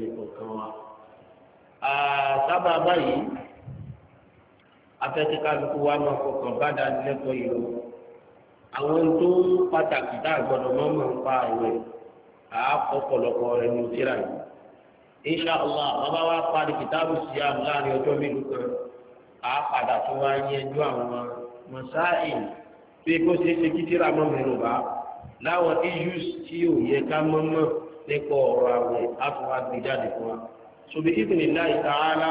ẹnì kọ̀ọ̀kan wa. sábà báyìí afẹ́tíkálukú wa máa fọkàn bá dánilẹ́kọ̀ọ́ yìí lọ. àwọn tó pàtàkì tá a gbọ́dọ̀ mọ́ mọ́ ń pa ìwẹ̀ àákọ́ pọ̀lọpọ̀ rẹ̀ ní tíra yìí. insha allah bàbá wa parí kìtàbù sí àmì láàrin ọjọ́ mélòó kan àápadà tó wá yẹn ju àwọn mọ̀sáì pé kó ṣeé ṣe kí tíra mọ́ mẹ́rù bá láwọn issues tí ò yẹ ká mọ́ mọ́ nípa ọ̀rọ̀ àwẹ̀ àtúwà gbé jáde fún wa ṣòbí ìpínlẹ̀ láì tààlà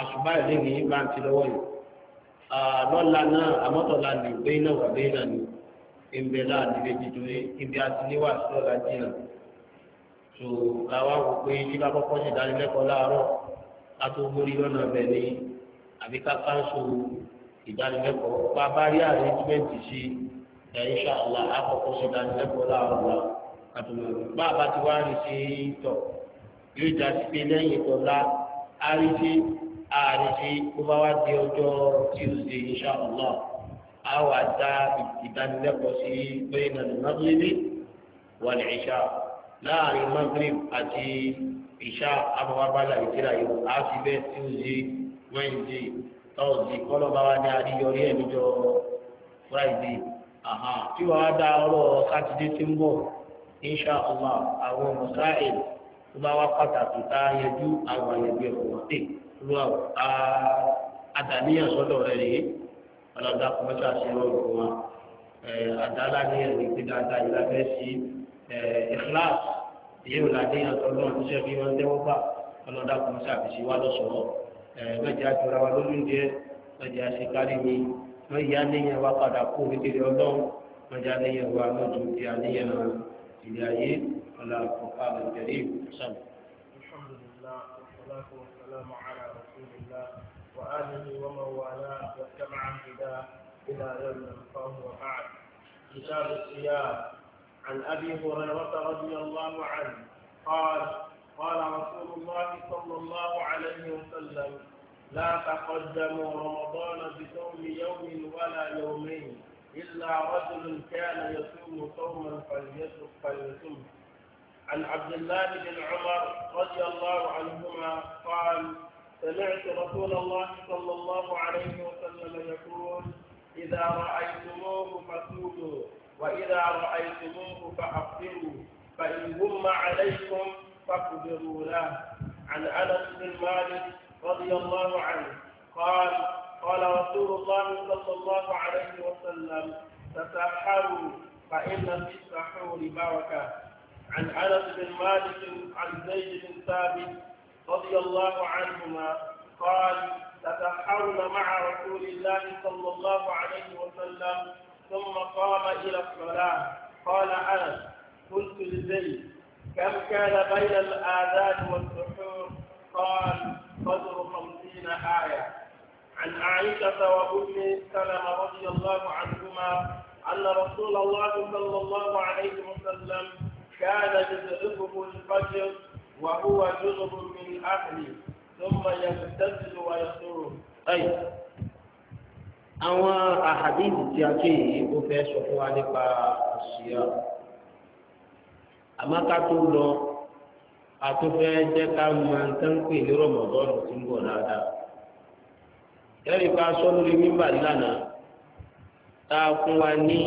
àṣùbá ìlú ní bá ń ti lọ́wọ́ yìí lọ́la náà àmọ́tọ̀la ní ìgbé náà wà bẹ́ẹ̀ náà ní ìbẹ̀ náà nílé jíjúwe ibi àti níwà sí ọ̀la jìnnà tó làwa wò pé tí bá kọ́kọ́ ṣe ìdánilẹ́kọ̀ọ́ àtòwòrò bá a bá ti wá rí ṣe tọ̀ yóò já sí pé lẹ́yìn tọ́lá a rí ṣe ààrẹ ṣe kó bá wá di ọjọ́ Tuesday inshallah a wà dá ìdánilẹ́kọ̀ọ́ sí bẹ́ẹ̀ náà lọ́gbẹ́lẹ́ wà ní ìṣá láàrin Maghrib àti ìṣá abọ́wábálà ìṣẹ́ra yìí a fi bẹ́ẹ̀ Tuesday Wednesday Thursday kọ́lọ́ba wa ní àríyọrí ẹ̀ níjọ́ Friday tí wàá dá ọ̀rọ̀ sátidé tí ń bọ̀ insha allah àwọn mùsáìl tó bá wá pàtàkì tá a yẹjú àwọn àyẹ̀bí ẹ̀kọ́ wọn tè lu àdàníyàn sọ́dọ̀ rẹ̀ rèé ọlọ́dà kọ́mọ́tà sí ọ̀rọ̀ fún wa àdàlà ní ẹ̀rí pé dáadáa yìí lábẹ́ sí ìkíláàsì èyí ò làdéyàn tó lọ́wọ́ tó ṣẹ́bi wọn tẹ́wọ́ gbà ọlọ́dà kọ́mọ́tà fi sí wa lọ́sọ̀ọ́ mẹ́jẹ àjọra wa lójúndé mẹ́jẹ àṣekárí ni mẹ́jẹ àníyàn wa padà kó هدايين على القرآن الكريم حسن نعم. الحمد لله والصلاة والسلام على رسول الله وآله ومن والاه واتبع هداه إلى يوم القوم وبعد كتاب الصيام عن أبي هريرة رضي الله عنه قال قال رسول الله صلى الله عليه وسلم لا تقدموا رمضان بصوم يوم ولا يومين إلا رجل كان يصوم صوما فليصوم عن عبد الله بن عمر رضي الله عنهما قال سمعت رسول الله صلى الله عليه وسلم يقول إذا رأيتموه فصوموا وإذا رأيتموه فأفطروا فإن هم عليكم فاقدروا له عن أنس بن مالك رضي الله عنه قال قال رسول الله صلى الله عليه وسلم تسحروا فإن في السحور بركة عن أنس بن مالك عن زيد بن ثابت رضي الله عنهما قال تسحرنا مع رسول الله صلى الله عليه وسلم ثم قام إلى الصلاة قال أنس قلت لزيد كم كان بين الآذان والسحور قال قدر خمسين آية عن عائشة وأم سلمة رضي الله عنهما أن رسول الله صلى الله عليه وسلم كان يدركه الفجر وهو جنب من أهله ثم يغتسل ويسره أي àwọn àhàdíìsì tí a ké yìí ó fẹ́ sọ fún wa nípa àṣìyá àmọ́ lọ àtúnfẹ́ jẹ́ ká máa ń pè ní rọ̀mọ̀dọ́nù tí ń bọ̀ dáadáa. ẹ̀rí ká sọ lórí mímbà lánàá tá fún wa ní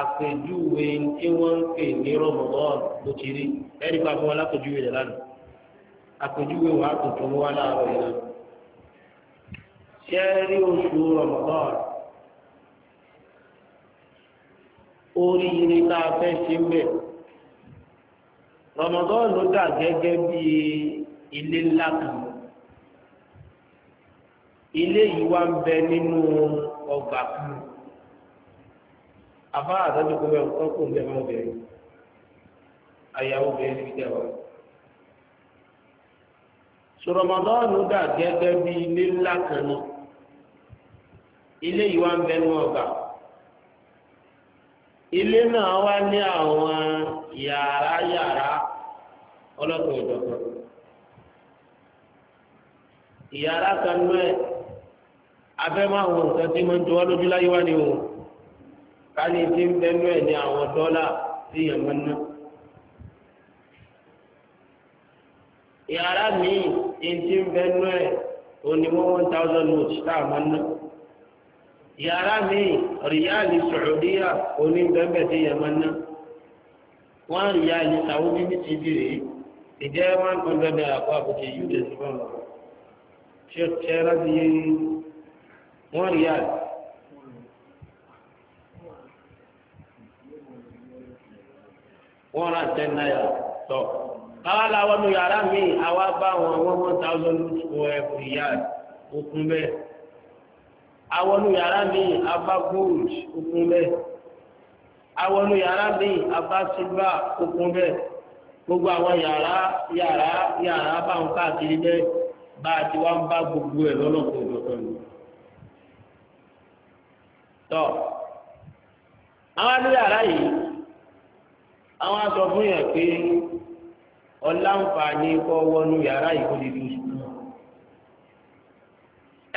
àpèjúwe tí wọ́n ń pè ní rọ̀mọ̀dọ́n ti rí ká fún wa lápèjúwe rẹ̀ lánàá àpèjúwe wà á tuntun wá láàárọ̀ yìí náà ṣé oṣù rọ̀mọ̀dọ́n oríire tá a fẹ́ ṣe ń bẹ̀ ló ilé yìí wá ń bẹ nínú ọgbà kan àbá àtọ́jú kó bẹ́ẹ̀ kọ́ kó ń bẹ́ẹ̀ máa bẹ̀rẹ̀ àyàwó bẹ̀rẹ̀ dà gẹ́gẹ́ bí ilé ńlá ni ilé yìí wá ń bẹ nínú ọgbà. ilé náà wá ní àwọn yàrá yàrá ọlọ́kùnrin abẹ́mọ́ àwọn nǹkan tí mo ń jọ wá lójú láyé wá ni o ká ní ti ń bẹ́nu ẹ̀ ní àwọn dọ́là tí èèyàn mọ́ ná. yàrá míì ní ti ń bẹ́nu ẹ̀ òní wọ́n one thousand notes tá a mọ́ ná. yàrá míì rìyáàlì sọ̀rọ̀díyà òní bẹ́ẹ̀ tí èèyàn mọ́ ná. wọ́n rìyáàlì sàwọ́bí ní ti bìrì ìjẹ́ one hundred naira kó àbùkù yìí dé sí fún ọ. ṣé ṣe é rántí yẹn wọ́n rí àlè. wọ́n rà ten naira tọ káwá làwọn nu yàrá mi àwa bá wọn one thousand square yard okun bẹ́ẹ̀ àwọn nu yàrá mi abá gold okun bẹ́ẹ̀ àwọn nu yàrá mi abá silver okun bẹ́ẹ̀ gbogbo àwọn yàrá yàrá yàrá bá wọn káàkiri bẹ́ẹ̀ bá a ti wá ń bá gbogbo ẹ̀ lọ́lọ́kọ̀ọ́ ìdọ̀tọ̀ nù tọ́ àwọn adúlé ara yìí àwọn aṣọ fún yẹn pé ọláǹfààní kọ́ wọnú yàrá yìí kó lè fi sùn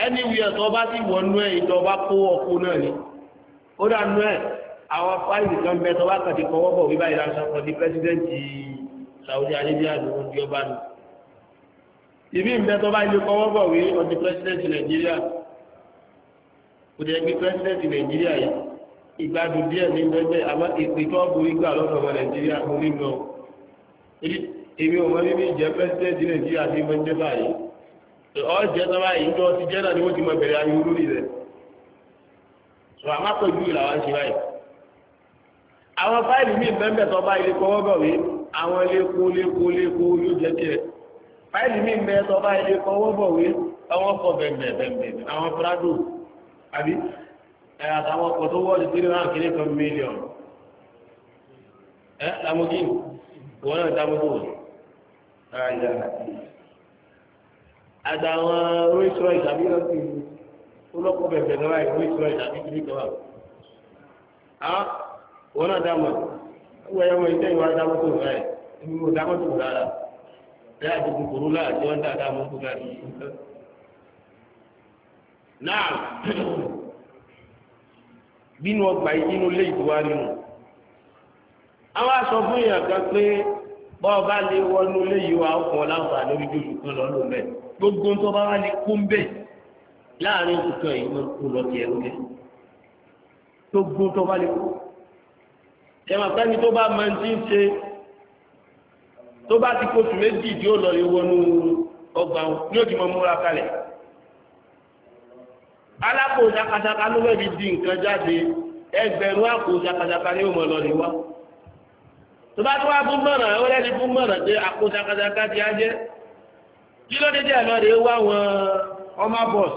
ẹni wí ẹ̀tọ́ bá sì wọnú ẹ̀ ìjọba kó ọkọ náà ni ó dànù ẹ̀ àwọn fáìlì kan bẹ tọ́wọ́ kan ti kọ́wọ́ bọ̀ wíwá ìlànà kan di pẹ́sidẹ́ǹtì Saudi Arabia ló ń di ọba nù ìbí ń bẹ tọ́wọ́ ilé kọ́wọ́ bọ̀ wí ọdún pẹ́sidẹ́ǹtì Nàìjíríà kò jẹ́ pé pẹ́sidẹ́ntì nàìjíríà yìí ìgbádùn díẹ̀ ní gbẹgbẹ́ àmọ́ èpè tó ń borí gbà lọ́sọ̀ ọmọ nàìjíríà mo ní lọ. èmi ò mọ bí mi jẹ́ pẹ́sidẹ́ntì nàìjíríà ní mọ́jẹ́ báyìí ọ̀ jẹ́ sábà yìí tó ti jẹ́ náà ni wọ́n ti mọ bẹ̀rẹ̀ ayé olórí rẹ̀. sọ àmọ́ pẹ̀lú ìlàwọ̀ ṣe báyìí. àwọn fáìlì míì bẹ́ẹ̀ tó bá ilé kọ́wọ́ bọ̀wé àwọn léko léko léko yóò jẹ́ tiẹ̀. fáìlì míì bẹ́ẹ̀ ilé kọ́wọ́ prado àbí àtàwọn ọkọ̀ tó wọ́ọ̀dù tí náà kéré kan mílíọ̀nù ẹ́ lamogin wọ́n náà dámọ́tò àìyá àtàwọn rolls royce àbí lọ́sìn olóko bẹ̀bẹ̀ lọ́wọ́ àìyá rolls royce àbí kiri kan wà wọ́n náà dámọ̀ wọ́n yẹ wọ́n ìtẹ́ ìwà dámọ́tò rẹ̀ ẹ̀mí mo dámọ́tò rárá ẹ̀ àti kòkòrò láàjọ ń dá dámọ́tò rárá náà bínú ọgbà ìdínú lé ìdúwà nínú àwọn aṣọ fún èèyàn kan pé bọ́ọ̀ bá lè wọnú lé yìí wà ọkọ̀ láǹfààní orí jòjò kan lọ́lọ́ mẹ́ gbogbo tó bá wà ní kúńbẹ̀ láàrin òkùnkàn yìí wọ́n kú lọ sí ẹrú rẹ̀ gbogbo tó bá lè kú ẹ̀mọ̀ pẹ́ni tó bá máa ń ti ń ṣe tó bá ti kóṣù méjì tí ó lọ lè wọnú ọgbà ní òkè mọ́ múra kalẹ̀ alápò sakasaka ló fẹ́ẹ́ fi di nǹkan jáde ẹgbẹ̀rún àpò sakasaka ni ó mọ̀ lọ níwá tó bá tó wá fún mọ̀ràn ó lẹ́ni fún mọ̀ràn pé àpò sakasaka ti á jẹ́ kí ló dé díẹ̀ lọ rè é wá wọn ọmọ bọ̀s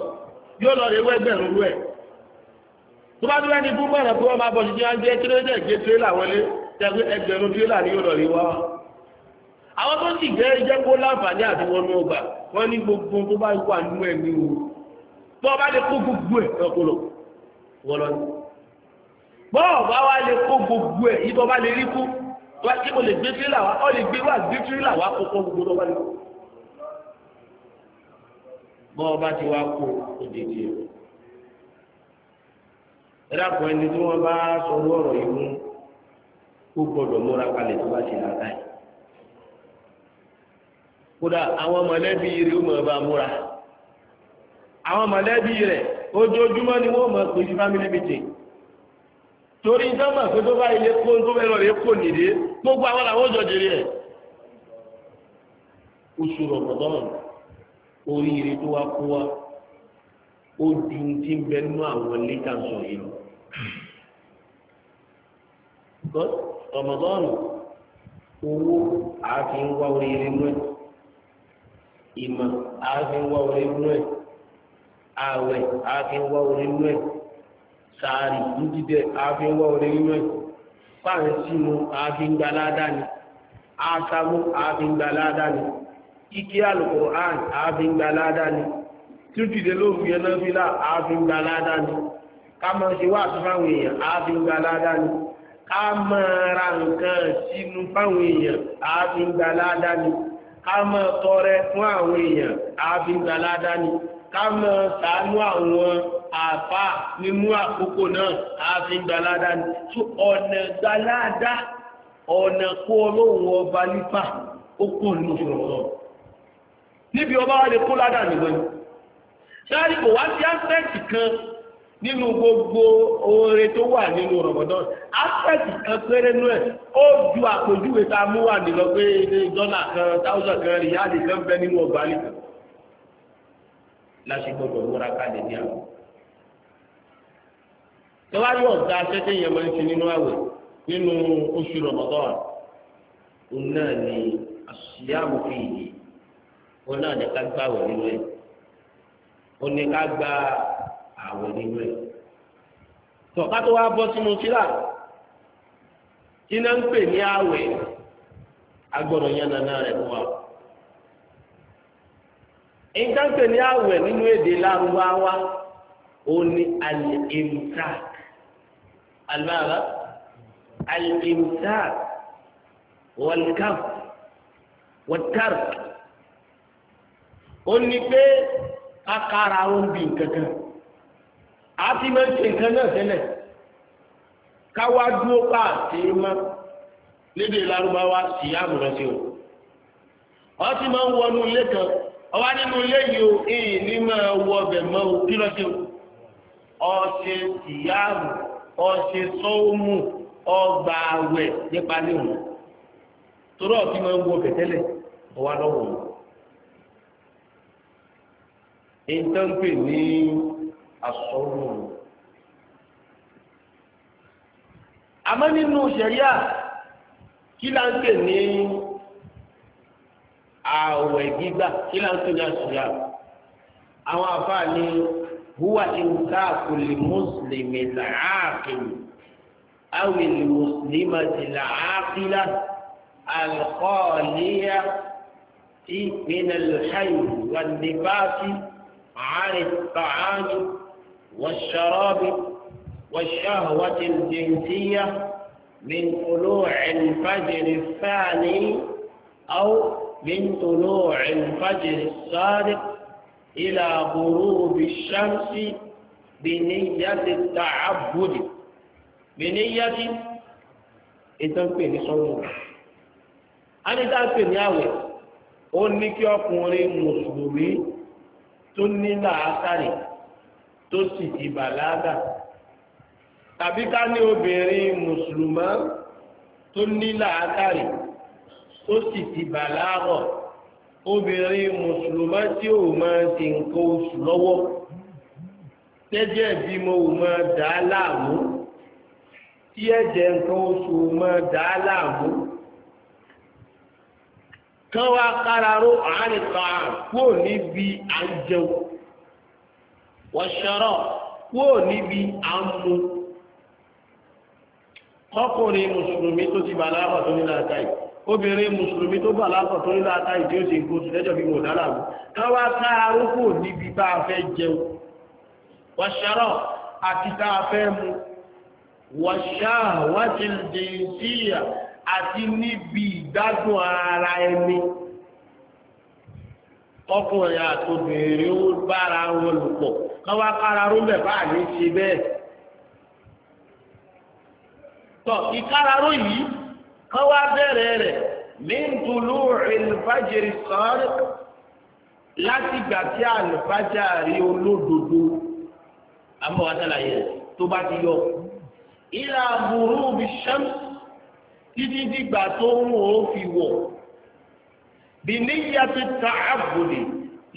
yóò lọ rè é wọ ẹgbẹ̀rún rú ẹ̀ tó bá tó lẹ́ni fún mọ̀ràn pé ọmọ bọ̀s ti á jẹ́ kí ló dé gbé tirẹ́là wọlé tẹ̀gbé ẹgbẹ̀rún tirẹ́là ni yóò lọ rè wá àwọn tó sì bọ́ ọba lè kó gbogbo ẹ̀ ọkọlọ wọlọ ni bọ́ ọba wa lè kó gbogbo ẹ̀ yìí bọ́ ọba lè rí kú wá kí mo lè gbé tírélà wá ọ lè gbé wá gbé tírélà wá kókó gbogbo lọ́wọ́ lọ. bọ́ ti wá kó òdìdí ẹ̀ ẹ̀dàpọ̀ ẹni tí wọ́n bá sọ lọ́rọ̀ yìí mú kó gbọ́dọ̀ múra kalẹ̀ tó bá ṣe làákàyè kódà àwọn mọ̀lẹ́bí rẹ̀ ó mọ̀ ọ́ àwọn mọ̀lẹ́bí rẹ̀ ojoojúmọ́ ni wọ́n mọ̀ pé family meeting torí ìjọba pé tó bá ilé kó tó bẹ́ẹ̀ lọ́ọ́ rẹ̀ kò nìdé gbogbo àwọn làwọn ò jọjẹrẹ ẹ̀ oṣù rọ̀mọ̀dọ́n oríire tó wá kó wa ó ju ti ń bẹ nínú àwọn lítà sọ yìí lọ rọ̀mọ̀dọ́n owó àáfin wá oríire nú ẹ̀ ìmọ̀ àáfin wá oríire nú ẹ̀ ààwẹ̀ àfihàn orí inú ẹ̀ sàárì dídídẹ̀ àfihàn orí inú ẹ̀ pàǹsímù àfihàn gbalada ni àṣàmù àfihàn gbalada ni ike alukur'an àfihàn gbalada ni tútìdé lóru yẹn náà fi là àfihàn gbalada ni kámọ ṣe wá sí fáwọn èèyàn àfihàn gbalada ni ká máa ra nǹkan sínú fáwọn èèyàn àfihàn gbalada ni ká máa fún àwọn èèyàn àfihàn gbalada ni ká mọ̀ sàánú àwọn àfà nínú àkókò náà àfi gbalada ní tó ọ̀nà gbalada ọ̀nà kó ọlọ́run ọba nípa ó kò ní oṣù rọ̀rọ̀ níbi ọba wa lè kó ládà nìgbọ́n sáré kò wá sí áspẹ́ẹ̀tì kan nínú gbogbo oore tó wà nínú rọ̀mọ̀dán áspẹ́ẹ̀tì kan péré nú ẹ̀ ó ju àpèjúwe tá a mú wà nílọ pé dọ́là kan táwùsàn kan rìyáàdì kan bẹ nínú ọgbà nìkan lásìkò tó múra káàdì ní àwọn. tọ́wájú ọ̀gá akẹ́kẹ́ yẹn máa ń ṣe nínú àwẹ̀ nínú oṣù Ramadan òun náà ni àṣìyàmù fi yìí òun náà ká nínú ẹ̀ òun ká gba àwẹ̀ nínú ẹ̀. tó wá bọ́ sínú ìtànkè ní àwẹ̀ nínú èdè lárúbáwá ó ní al-imsak alára al-imsak wal-kaf wat-tark ó ní pé akára ó ń bi nǹkankan a ti máa náà tẹ́lẹ̀ káwá dúró pa àti mọ́ lédè lárúbáwá sí àmúrẹ́sí o wọ́n ti ń wọnú ilé kan. ọwọ́ nínú ilé yìí o èyí ní máa wọ ọbẹ̀ mọ́ o kí ṣe ọṣẹ tìyàrù ọṣẹ ọgbà àwẹ̀ nípa níwọ̀n torí ọ̀tí máa ń wọ ọbẹ̀ tẹ́lẹ̀ ọwọ́ lọ́wọ́ o. èyí pè ní asọ́ọ̀mù àmọ́ nínú ààwẹ̀ gbígbà kí láwọn tó ní àṣìyà àwọn afá ní huwa imsaaku li muslimi al-aaqil aw al-muslimati al-aaqila al-qaaliya min al-hayd wan-nifaas wà الطعام wà والشهوة الجنسية من kulu الفجر الثاني aw من طلوع الفجر الصادق إلى غروب الشمس بنية التعبد بنية ìtànpè ní sọ́nù anítànpè ní àwẹ̀ ó ní kí ọkùnrin mùsùlùmí tó ní làákàrẹ̀ tó sì di bàlágà tàbí ká ní obìnrin mùsùlùmá tó ní làákàrẹ̀ tó sì ti bàlágọ̀ obìnrin mùsùlùmá tí ò máa ti nǹkan oṣù lọ́wọ́ tẹ́jẹ́ bí mo ò máa dà á láàmú tí ẹ̀jẹ̀ nǹkan oṣù máa dà á láàmú kán wá káraró àárín kan kúrò níbi à ń jẹun wọ́n ṣọ́rọ̀ níbi à ń mu kọ́kùnrin mùsùlùmí tó ti bàlágọ̀ tó ní láàká yìí obìnrin mùsùlùmí tó bà látọ̀ tó ní láta ìdí ó sì ń kó sí lẹ́jọ́ bí mo dálàbò káwá ká arúgbò níbi tá a fẹ́ jẹun wàṣàrọ̀ àti tá a fẹ́ mu wàṣàwàṣìlẹ̀dẹ̀ẹ́síyà àti níbi ìgbádùn ara ẹni ọkùnrin àtòbìnrin ó bára wọn lò pọ̀ káwá kára rúbẹ̀ bá àní ṣe bẹ́ẹ̀ tọ́ ìkáraró yìí kan wá bẹ̀rẹ̀ rẹ̀ min tulu'il fajri sadiq láti gbà tí àlùfájà rí olódodo amọ̀wádàlàyé tó bá ti yọ ila ghurubi shams títí dìgbà tó ń wò ó fi wọ̀ bí niyyati ta'abbudi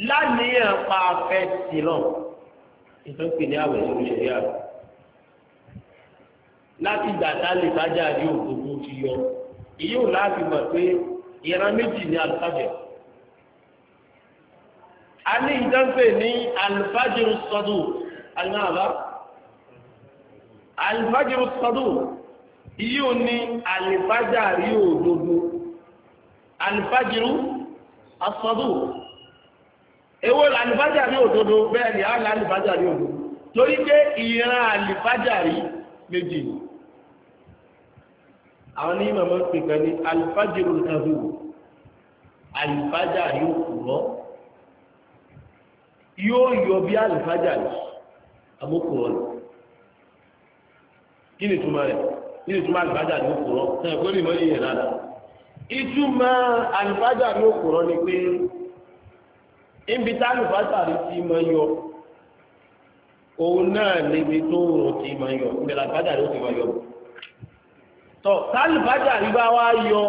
lánìyàn pa afẹ́ sílọ̀ ìtọ́pẹ̀ ní àwẹ̀ ló ṣe yára láti gbà tá àlùfájà rí òdodo ti yọ ìyóò láti mọ̀ pé ìran méjì ni alifájẹ. a ní ìdánpẹ̀ ní alifájẹ sọdù aláàbá alifájẹ sọdù ìyóò ní alifájà rí òdodo alifájẹ asọdù èwo làlùfájà rí òdodo bẹ́ẹ̀ ni a làlùfájà rí òdodo torí pé ìran àlùfájà rí méjì ni. àwọn ní ma ń pè ní alifájìrò nàbù alifájà yóò kù lọ yóò yọ bí alifájà yìí àmókù lọ kí ni túmọ̀ rẹ̀ kí ni túmọ̀ alifájà yóò kù lọ sẹ́yìn pé ní mọ́lẹ́ yẹn dáadáa ìtumọ̀ alifájà yóò kù lọ ni pé níbi tá alifájà ti mọ yọ òun náà níbi tó ti mọ yọ alifájà tọ̀ tálùbájà rí bá wá yọ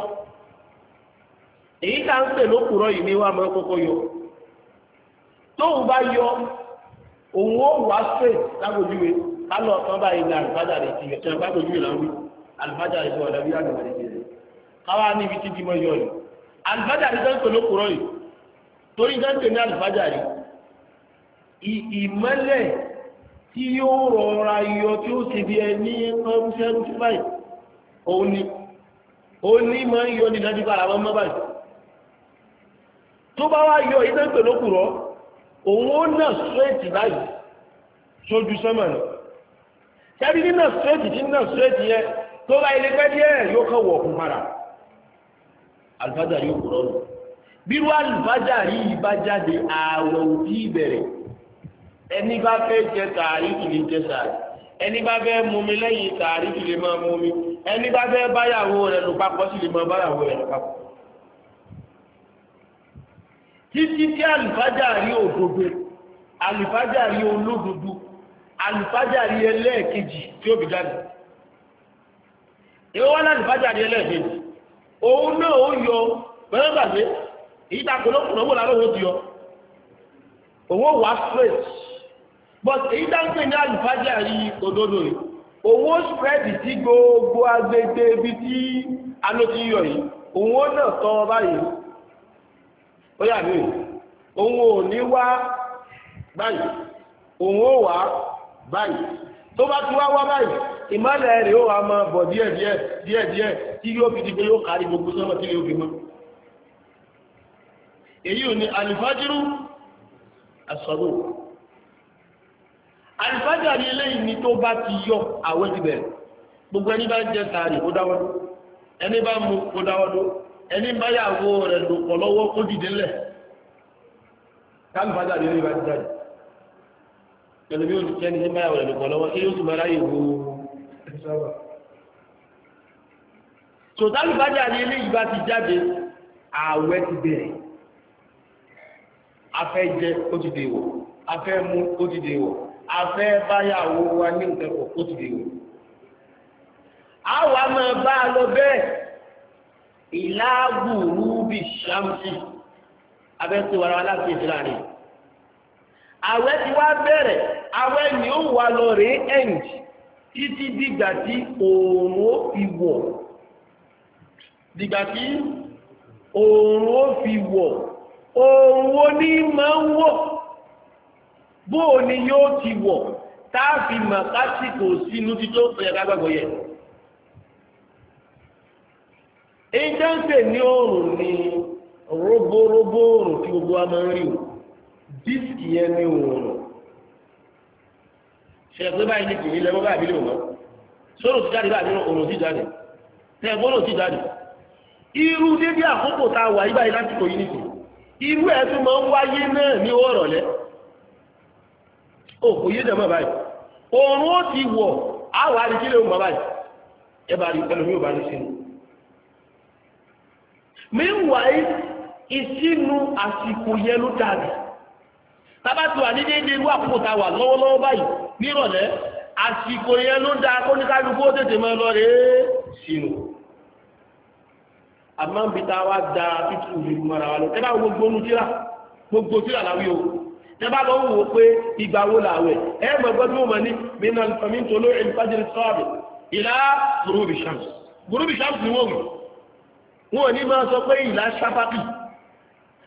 èyí tá ń pè lókùrọ̀ yìí ní wà mọ́ kókó yọ tóun bá yọ òun ó wá pè lágbójúwe kálọ̀ kan báyìí ní àlùbájà rẹ̀ ti yọ tí wọ́n bá gbójúwe láwí àlùbájà rẹ̀ ti wọ̀ lọ́wọ́ àgbà rẹ̀ ti rẹ̀ káwá níbi títí mọ́ yọ yìí àlùbájà rẹ̀ tẹ́ pè lókùrọ̀ yìí torí tẹ́ pè ní àlùbájà rẹ̀ ìmọ́lẹ̀ tí yóò rọra yọ tí ó ti di ẹni ránṣẹ́ rúṣẹ́ báyìí òun ni òun ni máa ń yọ ní dájú bára wọn mọ́ báyìí tó bá wá yọ iná pè lókùrọ̀ òun ó nà sírẹ́ẹ̀tì báyìí sójú sánmà ni tẹ́bí nínà sírẹ́ẹ̀tì tí nínà tó bá ilé pẹ́ díẹ̀ yóò kọ́ wọ̀ yóò rí jáde ààwẹ̀ òbí ẹni bá fẹ́ báyàwó rẹ̀ lò papọ̀ sí lè mọ báyàwó rẹ̀ lò papọ̀ títí tí àlùfájà rí òdodo àlùfájà rí olódodo àlùfájà rí ẹlẹ́ẹ̀kejì tí ó fi jáde ìwọ́n wọn àlùfájà rí ẹlẹ́ẹ̀kejì òun náà ó yọ pẹ̀lú gbàgbé èyí tá a kò lókùnrin owó làlóhùn ó ti yọ owó wà straight but èyí tá ń pè ní àlùfájà rí òdodo yìí. òun ó spread tí gbogbo agbègbè ibi tí ló ti yọ yìí òun ó náà tọ́ báyìí ó yà òun ò ní wá báyìí òun ó wá báyìí tó bá ti wá wá báyìí ìmọ̀lẹ̀ rẹ̀ ó wà máa bọ̀ díẹ̀ díẹ̀ tí yóò fi di pé yóò kárí gbogbo sọ́mọ̀ tí yóò fi mọ́ èyí ò àlùfáàjà ní eléyìí ni tó bá ti yọ àwẹ̀ ti bẹ̀rẹ̀ gbogbo ẹni bá jẹ sàárì ó dáwọ́dó ẹni bá mu ó dáwọ́dó ẹni bá yàwó rẹ̀ lò pọ̀ lọ́wọ́ ó dìde lẹ̀ kálùfáàjà ní eléyìí bá ti jáde pẹ̀lú bí olùkẹ́ ní bá yàwó rẹ̀ lò pọ̀ lọ́wọ́ kí yóò tún bá ráyè wo sòtálùfáàjà ní eléyìí bá ti jáde àwẹ̀ ti bẹ̀rẹ̀ afẹ́ jẹ ó ti dèwọ̀ afẹ́ báyàwó wa ní nǹkan kò kó ti dìbò a wà máa bá a lọ bẹ́ẹ̀ ìlàgùrú bí ṣámsì abẹ́ tí wàrà aláṣẹ ìṣúra rẹ̀ àwẹ̀ ti wá bẹ̀rẹ̀ àwẹ̀ ni ó wà lọ rèé ẹ̀ǹdì títí dìgbà tí oòrùn ó fi wọ̀ dìgbà tí oòrùn ó fi wọ̀ oòrùn ó ní máa ń wọ̀. bóò ni yóò ti wọ̀ táàfì mọ̀ kásìkò sínú títí ó yẹ ká gbàgbọ́ yẹ. ìjọ́nsẹ̀ ní oòrùn ni roborobo oòrùn tí gbogbo wa máa ń rí o díìsì yẹn ní oòrùn ṣẹ̀fẹ́ báyìí ní kìíní lẹ́mọ́ báyìí lè sọ́rọ̀ jáde báyìí jáde tẹ̀gbọ́n jáde irú àkókò tá a wà yí báyìí nìkan irú ẹ̀ tún máa ń wáyé náà ní òkò yé jẹ́ mọ́ báyìí oòrùn ó ti wọ̀ àwọn àríkílẹ̀ òun bàbá yìí ẹ bá rí bá rí sínú. meanwhile ìsínú àsìkò yẹn ló dàbí ní déédéé irú àkókò wà lọ́wọ́lọ́wọ́ báyìí nírọ̀lẹ́ àsìkò ló dáa kó tẹ́bá lọ wò ó pé ìgbà wo làwẹ̀ ẹ mọ̀ gbọ́dọ̀ mọ̀ ní mìíràn fàmí tó ló ẹ̀ fájìrì sọ́ọ̀bì ìlà gúrúbì shams gúrúbì shams ni wọ́n wù wọn ò ní máa sọ pé ìlà ṣáfákì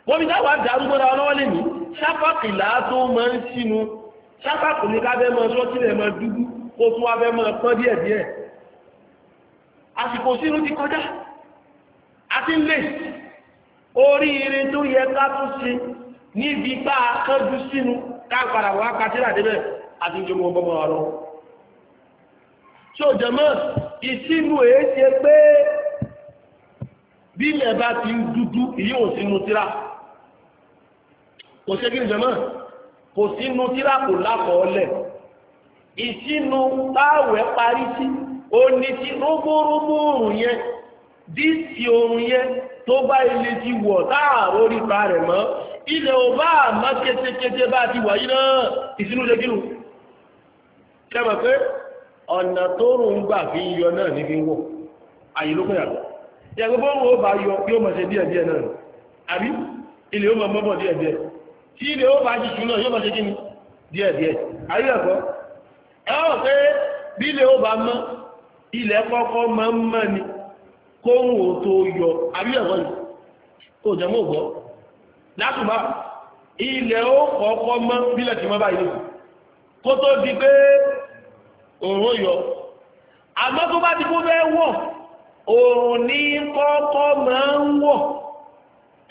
wọ́n fi dáwà dárúgbó ra ọlọ́wọ́ lè ní ṣáfákì làá tó máa ń sínú ṣáfákì ní káfẹ́ máa sọ sílẹ̀ máa dúdú kó tún wá fẹ́ máa pọ́n díẹ̀ díẹ̀ àsìkò sínú ti kọjá àti ń lè oríire tó yẹ ká tún ṣe níbi bá a tọ́jú sínú káàkiri àwọn akátírà débẹ̀ àti ìjọba ọgbọ́n wa lọ. sójà mọ́ ìsínú èé ṣe pé bí ilẹ̀ bá ti ń dúdú ìyóò sínú tíra kò ṣe kí ni jọmọ́ kò sínú tíra kò lákọ̀ọ́lẹ̀ ìsínú táwẹ̀ parí sí ó ní ti rógbórógbó òrùn yẹn díìsì òrùn yẹn tó bá ilé ti wọ̀ táàrò rípa rẹ̀ mọ́ ilẹ̀ ò bá àmá kétékété bá ti wà yí náà ìsinú lẹ́gínú kẹ́mọ̀ pé ọ̀nà tó rò ń gbà fi yọ náà ní fi wọ̀ àyè ló pẹ́ yàtọ̀ yàgbé bọ́ọ̀rùn ó bá yọ yóò mọ̀ ṣe díẹ̀ díẹ̀ náà àbí ilẹ̀ ó mọ̀ mọ́bọ̀ díẹ̀ díẹ̀ tí ń mọ́ tó yọ àbí ẹ̀kọ́ ni kò látùmá ilẹ̀ ó kọ̀ọ̀kọ́ mọ́ bílẹ̀ tí mọ́ báyìí kó tó di pé òòrùn yọ àmọ́ tó bá ti kó fẹ́ wọ̀ òòrùn ní kọ́kọ́ máa ń wọ̀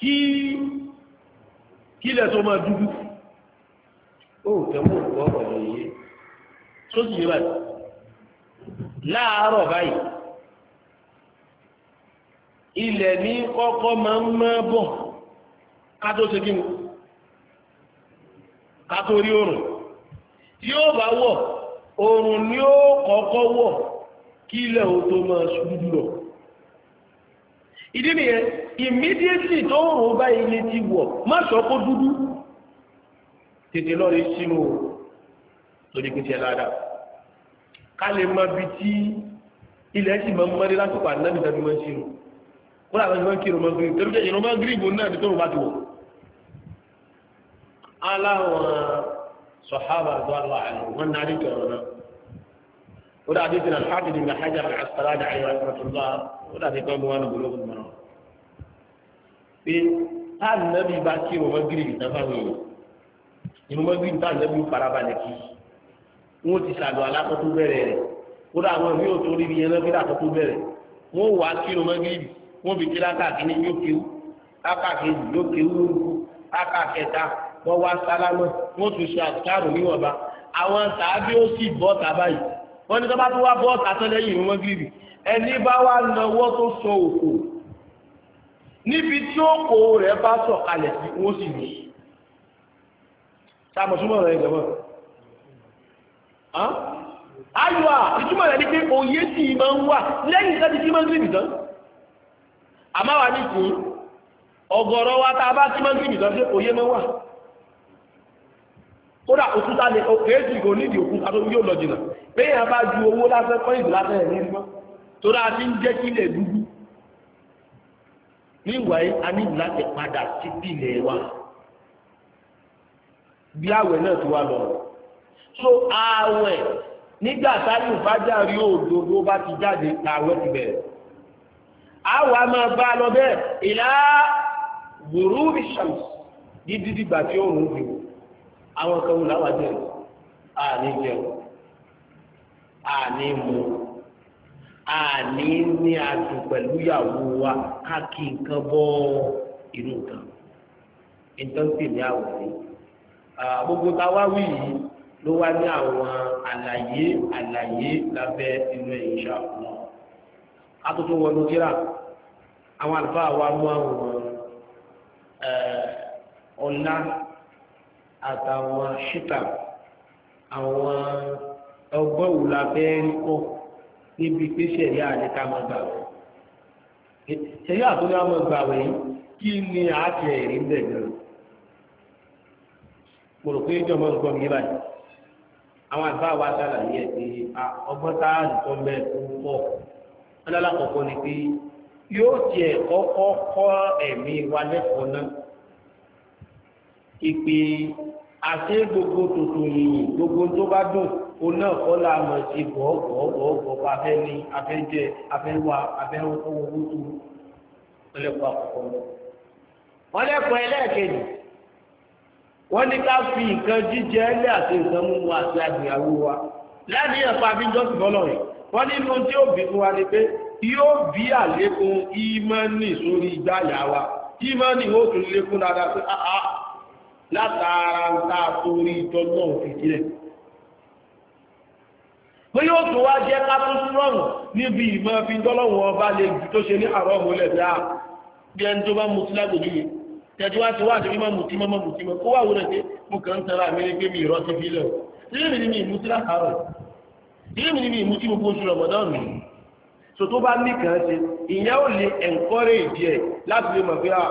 kí kílẹ̀ tó máa dúdú ó kẹ́kọ̀ọ́ ọ̀rọ̀ yìí tó sì yé báyìí láàárọ̀ báyìí ilẹ̀ ní kọ́kọ́ máa ń mọ́ bọ̀ kátó ṣe kí mu kátó rí oòrùn tí ó bá wọ̀ oòrùn ni ó kọ́kọ́ wọ̀ kí ilẹ̀ ò tó máa ṣubú lọ ìdí nìyẹn immediately tó oòrùn bá ilé ti wọ̀ má sọ kó dúdú tètè lọ́ọ̀rí sínú lórí pé tiẹ̀ ládàá ká lè mọ ibi tí ilẹ̀ sì máa ń mọ́lé lásìkò àná nìkan tí wọ́n ń ṣírò máa ń kírun máa ń gírí torí pé ìrún máa ń gírí ìbò náà ní tó rùn bá ti wọ̀ aláwọn sọ̀hábà dọ́là wọn nárí jọ̀rọ̀ náà ó dà bí sinà láti di nà hajj àkàrà dà ayé wọn fún wa ó dà bí kan bí wọn lọ gbólógbó mọ́ra pé táàbù náà bí bá kí wọn gírí ìtafà wọn yìí ìmọ̀ gírí táàbù náà bí farabalẹ̀ kí wọn ti sàdọ̀ alákọ̀tún wọ́n wá sálámọ̀ wọ́n tún ṣe àtàrò níwọ̀nba àwọn tàbí ó sì bọ́ tàbá yìí wọ́n ní tọ́ba tó wá bọ́ àtọ́lẹ́yìn ìwọ́n gírì ẹni bá wá lọ́wọ́ tó sọ òkò níbi tí òkò rẹ̀ bá sọ̀ kalẹ̀ sí wọ́n sì ní. sàmùsùmọ̀ rẹ̀ ìjọba ayọ̀ ìtumọ̀ rẹ̀ ni pé òye sì máa ń wà lẹ́yìn sẹ́ni tí máa ń gírì tán àmáwa ní kí ọgọ́rọ̀ wa tá a bá tí máa ń gírì tán pé òye máa ń wà kódà òkúta lè kéèjì ìgò nídìí òkúta tó yóò lọ jìnà pé yàn bá ju owó lásán kọ́ ìdù lásán ẹ̀ nígbà tó dáa ti ń jẹ́ kí ilẹ̀ dúdú ní ìwà yìí a ní láti padà sí ilẹ̀ wa bí àwẹ̀ náà ti wá lọ so àwẹ̀ nígbà sáré ìfájà rí òdodo bá ti jáde àwẹ̀ ti bẹ̀rẹ̀ àwọ̀ a máa bá lọ bẹ́ẹ̀ ìlà gbòòrò ìṣàmùsì dídí dìgbà tí ó rùn ìwò àwọn kan wù láwàá jẹ àní jẹun àní mu àní ní adùn pẹ̀lú ìyàwó wa ká kí nǹkan bọ́ inú nǹkan nǹkan sì ní àwọ̀ sí gbogbo táwa wí yìí ló wá ní àwọn àlàyé àlàyé lábẹ́ inú ẹ̀yìn ṣàkóso àtúntò wọnú kíra àwọn àlùfáà wa mú àwọn ọ̀la àtàwọn ṣítà àwọn ọgbọ́n wò la fẹ́ rí kọ́ níbi pé ṣẹ̀rí àdéká máa gbà wẹ̀. ṣẹ̀rí àtúnyà máa gbà wẹ̀ yìí kí ni àti ẹ̀rí ń bẹ̀rẹ̀ lọ. mo rò pé ìjọba ń gbọ́ mi báyìí àwọn àgbà wa ṣàlàyé ẹ̀ pé ọgbọ́n tá a nìkan bẹ́ẹ̀ tó ń pọ̀ ọlọ́lá kọ̀ọ̀kan ni pé yóò tiẹ̀ kọ́kọ́ kọ́ ẹ̀mí wa lẹ́kọ̀ọ́ náà ìpè àti gbogbo tòtò yìnyín gbogbo tó bá dùn o náà kọ́ la mọ̀ sí bọ̀ọ̀bọ̀ọ̀bọ̀ bá fẹ́ ní afẹ́jẹ afẹ́wà afẹ́wọ́ owó tó ọlẹ́kọ̀ọ́ àkọ́kọ́ lọ. wọ́n lẹ́kọ̀ọ́ ẹlẹ́ẹ̀kejì wọ́n ní ká fi nǹkan jíjẹ ẹlẹ́ àti nǹkan mímu àti àgbéyàwó wa láti ẹ̀fọ́ abíjọ́sìn bọ́lọ̀ rẹ̀ wọ́n nínú tí ó bí fún wa ni pé yóò bí àlékún ìmọ̀ ní sórí ìgbàyà wa ìmọ̀ ní ó tún lékún dáadáa pé ah, ah, látara ta torí ìtọ́gbọ́n òfin sílẹ̀ pé yóò tó wá jẹ́ ká tún strong níbi ìmọ̀ fi tọ́lọ́wọ́ ọba lè jù tó ṣe ní àrọ́ òmúlẹ̀ bí a bí ẹni tó bá mutí lágbègbè yìí tẹ̀jú wá ti wá àti mímọ́ mutí mọ́ mutí mọ́ so tó bá ní kàn ṣe ìyẹn ò lè encourage ẹ̀ láti lè mọ̀ pé ah,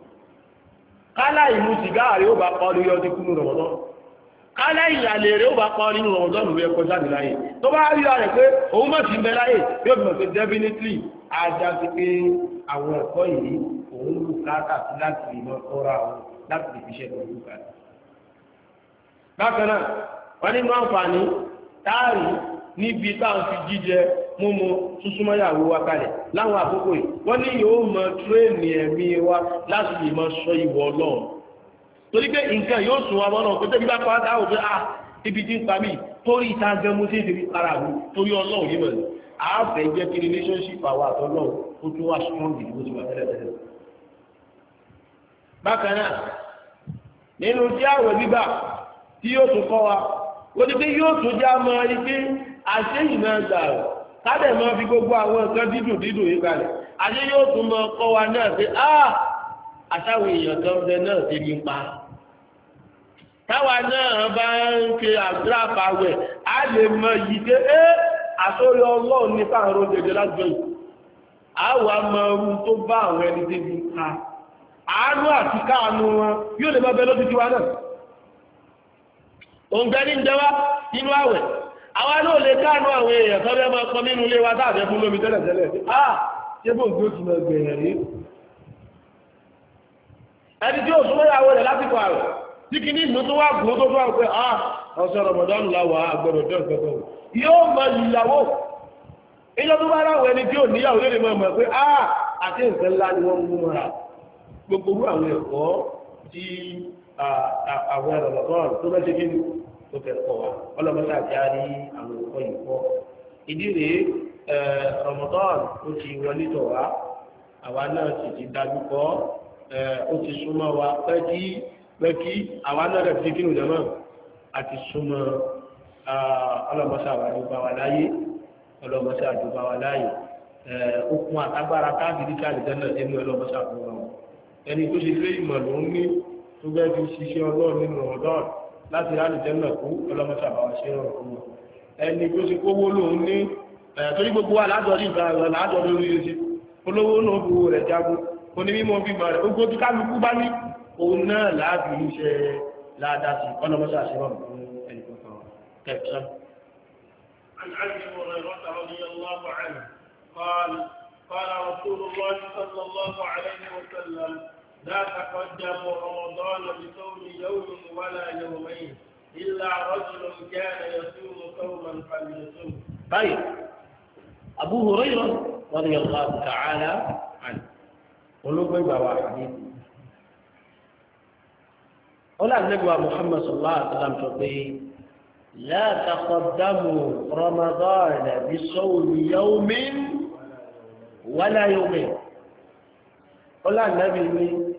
kálá ìmú sìgá rẹ̀ ó bá kọrin yọ dínkù ní rọ̀mọ́dọ́ kálá ìyàlẹ̀ rẹ̀ ó bá kọrin rọ̀mọ́dọ́ nù rẹ̀ kọjá ní láyé tó bá rí ara rẹ̀ pé òun mọ̀ sí bẹ láyé yóò fi mọ̀ pé definitely ajá sí pé àwọn ẹ̀kọ́ yìí òun lù káàkà láti ìmọ̀ múmu súnmọ́yàwó wa kalẹ̀ láwọn àkókò yìí wọ́n ní yóò mọ tírèèmì ẹ̀mí wa láti lè mọ sọ ìwọ ọlọ́run torí pé nǹkan yóò sùn wa mọ́nà kó tẹ́bí bá pa á wò pé A ah, ibi tí ń pa mí torí ìta gẹmu sí ìdíbi ara mi torí ọlọ́run yìí mọ̀ ní àáfẹ́ jẹ́ kí relationship àwa àtọ́lọ́run ó tún wá strong ìdíbò tí wà tẹ́lẹ̀ tẹ́lẹ̀ bákan náà nínú tí àwẹ̀ gbígbà tí yóò tún kọ́ wa ó ní yóò tún já mọ́ ẹni pé àṣẹ́yìn náà gbà kádẹ̀ mọ́ fi gbogbo àwọn nǹkan dídùn dídùn yìí kalẹ̀ àti yóò tún mọ kọ́ wa náà pé ah! àtàwọn èèyàn kan bẹ náà ti ní pa táwa náà bá ń ṣe àdúrà pàwẹ̀ a lè mọ yìí pé é àsórí ọlọ́run ní fáwọn òjèjì lájọ yìí á wà mọ ohun tó bá àwọn ẹni débi pa àánú àti káànú wọn yóò lè mọ bẹ náà ń jẹ wá nínú àwẹ̀ àwa náà lè káànú àwọn èèyàn tó bẹ́ máa pọn nínú ilé wa táàbẹ̀ fún lómi tẹ́lẹ̀ tẹ́lẹ̀ ah ṣé ti lọ gbẹ̀yẹ̀ rí ẹni tí ó súnmọ́ ìyàwó rẹ̀ lásìkò àrùn tí kì ní ìlú tó wà gbó tó fún àpẹ ọ̀sẹ̀ rọmọdánù láwà àgbọ̀dọ̀ dẹ́ tó fẹ́ kọ́ wa ọlọ́mọta àti àárí àwọn olùkọ́ yìí kọ́ ìdí rèé Ramadan ó ti wọlé tọ̀ wá àwa náà sì ti dájú kọ́ ó ti súnmọ́ wa pẹ́kí pẹ́kí àwa náà rẹ̀ fi kí nù jẹ́mọ́ àti súnmọ́ ọlọ́mọta àwọn àdúgbò wa láyé ọlọ́mọta àdúgbò wa láyé okun àtagbára káàkiri káàkiri náà ẹnu ọlọ́mọta àdúgbò wa ẹni tó ṣe pé ìmọ̀ ló ń ní tó bẹ́ẹ̀ fi ṣiṣẹ́ ọlọ́run nínú ọ̀dọ́rùn láti ránì jẹ́nà kú ọlọ́mọṣà ṣe rọrùn fún ẹni tó ṣe kówó lòun ní torí gbogbo wa lájọ́dí ìgbàgbọ́ lájọ́dí orí ṣe olówó náà bu rẹ̀ jagun onímọ̀ fi bàrẹ̀ gbogbo tí kálukú bá ní òun náà láàbì iṣẹ́ ládàá sí rọrùn fún رضي الله عنه قال قال رسول الله صلى الله عليه وسلم لا تقدم رمضان بصوم يوم ولا يومين إلا رجل كان يصوم صوما فليصوم طيب أبو هريرة رضي الله تعالى عنه ونقول بوا حديث قال النبي محمد صلى الله عليه وسلم تقول لا تقدموا رمضان بصوم يوم ولا يومين قال النبي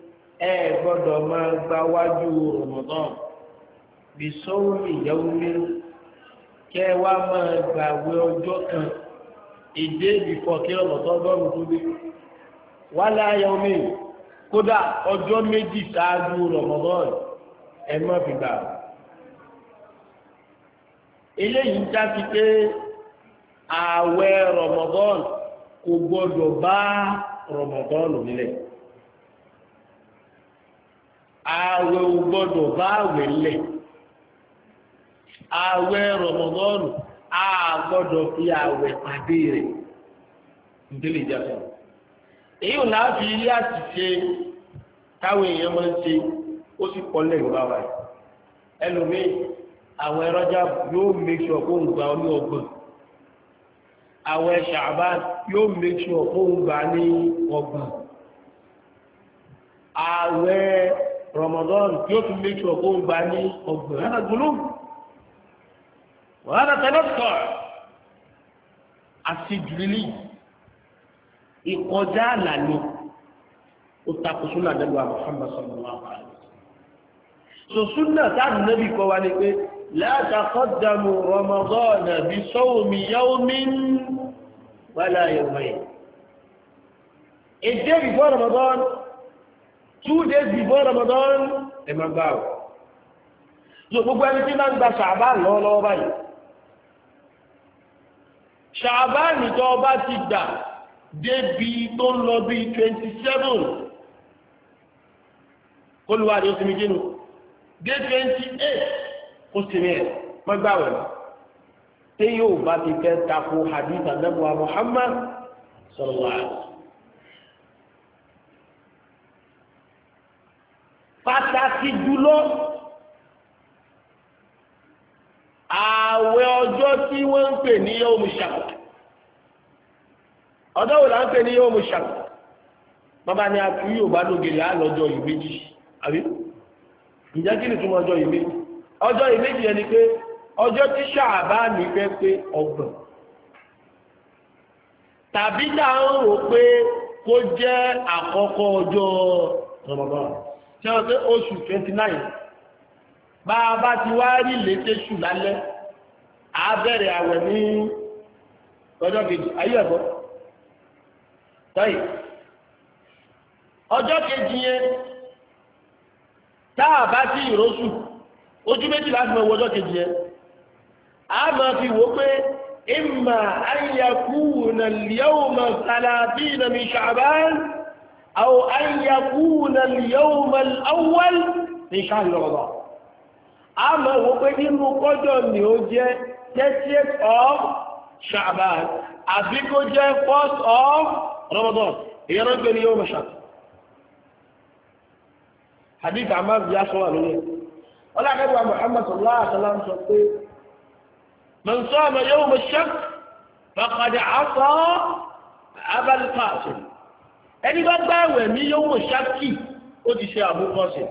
ẹ gbọ́dọ̀ máa gba wájú Ramadan bí sọ́wọ́mì ìyàwó mẹ́rin kẹ́ wá máa gbàwé ọjọ́ kan èdè bìfọ̀ kí Ramadan bọ́ọ̀mù tó dé wá láyà omi kódà ọjọ́ méjì ṣáájú Ramadan ẹ má fi gbà. eléyìí ń já sí pé ààwẹ̀ Ramadan kò gbọ́dọ̀ bá Ramadan nílẹ̀. ààwẹ̀ ò gbọ́dọ̀ bá ààwẹ̀ lẹ̀ a fi ààwẹ̀ pàdé rẹ̀ nítorí ìjàpọ̀ èyí ò náà fi ilé àtìṣe táwọn èèyàn máa ń ṣe ó sì pọ̀ lẹ́yìn bá wa ẹlòmíì àwọn ẹrọ́jà yóò make sure kó ń gba ọgbọ̀n Ramadan yóò tún lé tí ọkọ̀ ògbà ní ọgbọ̀n hàn gbólóhùn wàhálà tẹlẹsọ àṣejùlélẹ ìkọjá àlàní ó takò súnà dẹlu Muhammad sallallahu alaihi wasallam so súnà táàdù nẹbí kọ wa ni pé la taqaddamu Ramadana bi sawmi yawmin wala yawmayn èdè bìfọ́ Ramadan two days before Ramadan ẹ máa gbà wọ so gbogbo ẹni tí máa ń gba ṣàbáà lọ́wọ́lọ́wọ́ báyìí ṣàbáà nìkan ọba ti gbà débi tó ń lọ bíi twenty seven kóluwa ni ó ti mi dénú dé twenty eight ó mi ẹ̀ máa gbà wọ̀ téyí ò bá ti fẹ́ tako hadith anabu Muhammad sallallahu alaihi pàtàkì jùlọ ààwẹ̀ ọjọ́ tí wọ́n ń pè ní yóò mú wo la ń pè ní yóò bàbá ni a kú yóò bá lógiri àlọ́jọ́ yìí méjì àbí ǹjẹ́ kí ni túmọ̀ ọjọ́ yìí méjì ọjọ́ yìí méjì yẹn ni pé ọjọ́ tí ṣàbá mi fẹ́ pé ọgbọ̀n tàbí dáhùn rò pé kó jẹ́ àkọ́kọ́ ọjọ́ rọmọbọ́n tí wọ́n pé oṣù 29 bá a bá ti wá rí létésù lálẹ́ a bẹ̀rẹ̀ àwẹ̀ ní ọjọ́ kejì ayé ẹ̀bọ́ tọ́yì ọjọ́ kejì yẹn tá a bá ti ìrósù ojú méjì láti mọ̀ ọjọ́ kejì yẹn a máa fi wò pé ìmà ayakú nà lẹ́wọ̀n sàlàbí nà ṣàbáyé أو أن يكون اليوم الأول في شهر رمضان أما وقدم قدر نيوجة تسيت أو آه شعبان أبيكو جاء فاس أو آه رمضان يا رب اليوم شهر حديث عمار بن ياسر قال ولا غير محمد صلى الله عليه وسلم من صام يوم الشهر فقد عصى أبا القاسم ẹni bá gbá ẹ̀wẹ̀ mi yóò wò ṣáàkì ó ti ṣe àbúkọ́sìn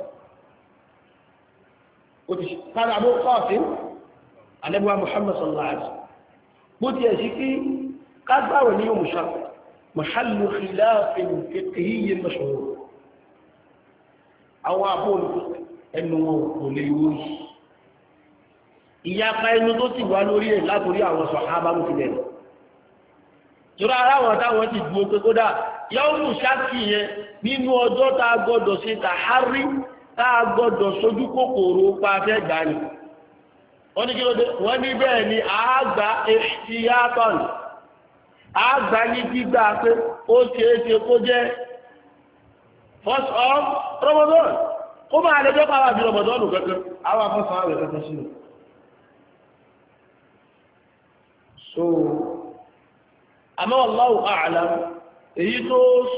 ó ti ṣe kára àbúkọ́sìn alẹ́gbẹ̀wá Muhammad sallallahu alaihi wasallam bó ti ẹ̀ sí pé kágbáwẹ̀ ní yóò ṣáàkì mahallu khilafin fiqhiyyin mashhur àwọn abóòlù ẹnu wọn kò lè wọ́yì ìyapa ẹnu tó sì wá lórí ẹ̀ látòrí àwọn sọ̀hábà ló ti bẹ̀rẹ̀ torí ara wọn táwọn ti dúró pé kódà yọ́ọ̀mù ṣáàkì yẹn nínú ọjọ́ tá a gbọ́dọ̀ tàhárí tá a kòkòrò wọ́n ní kí ló dé wọ́n ní bẹ́ẹ̀ ni àágbà ehtiyatan àágbà ní gbígbà pé ó ṣeé ṣe kó jẹ́ first of máa lè jẹ́ àmọ́ wallahu a'lam èyí tó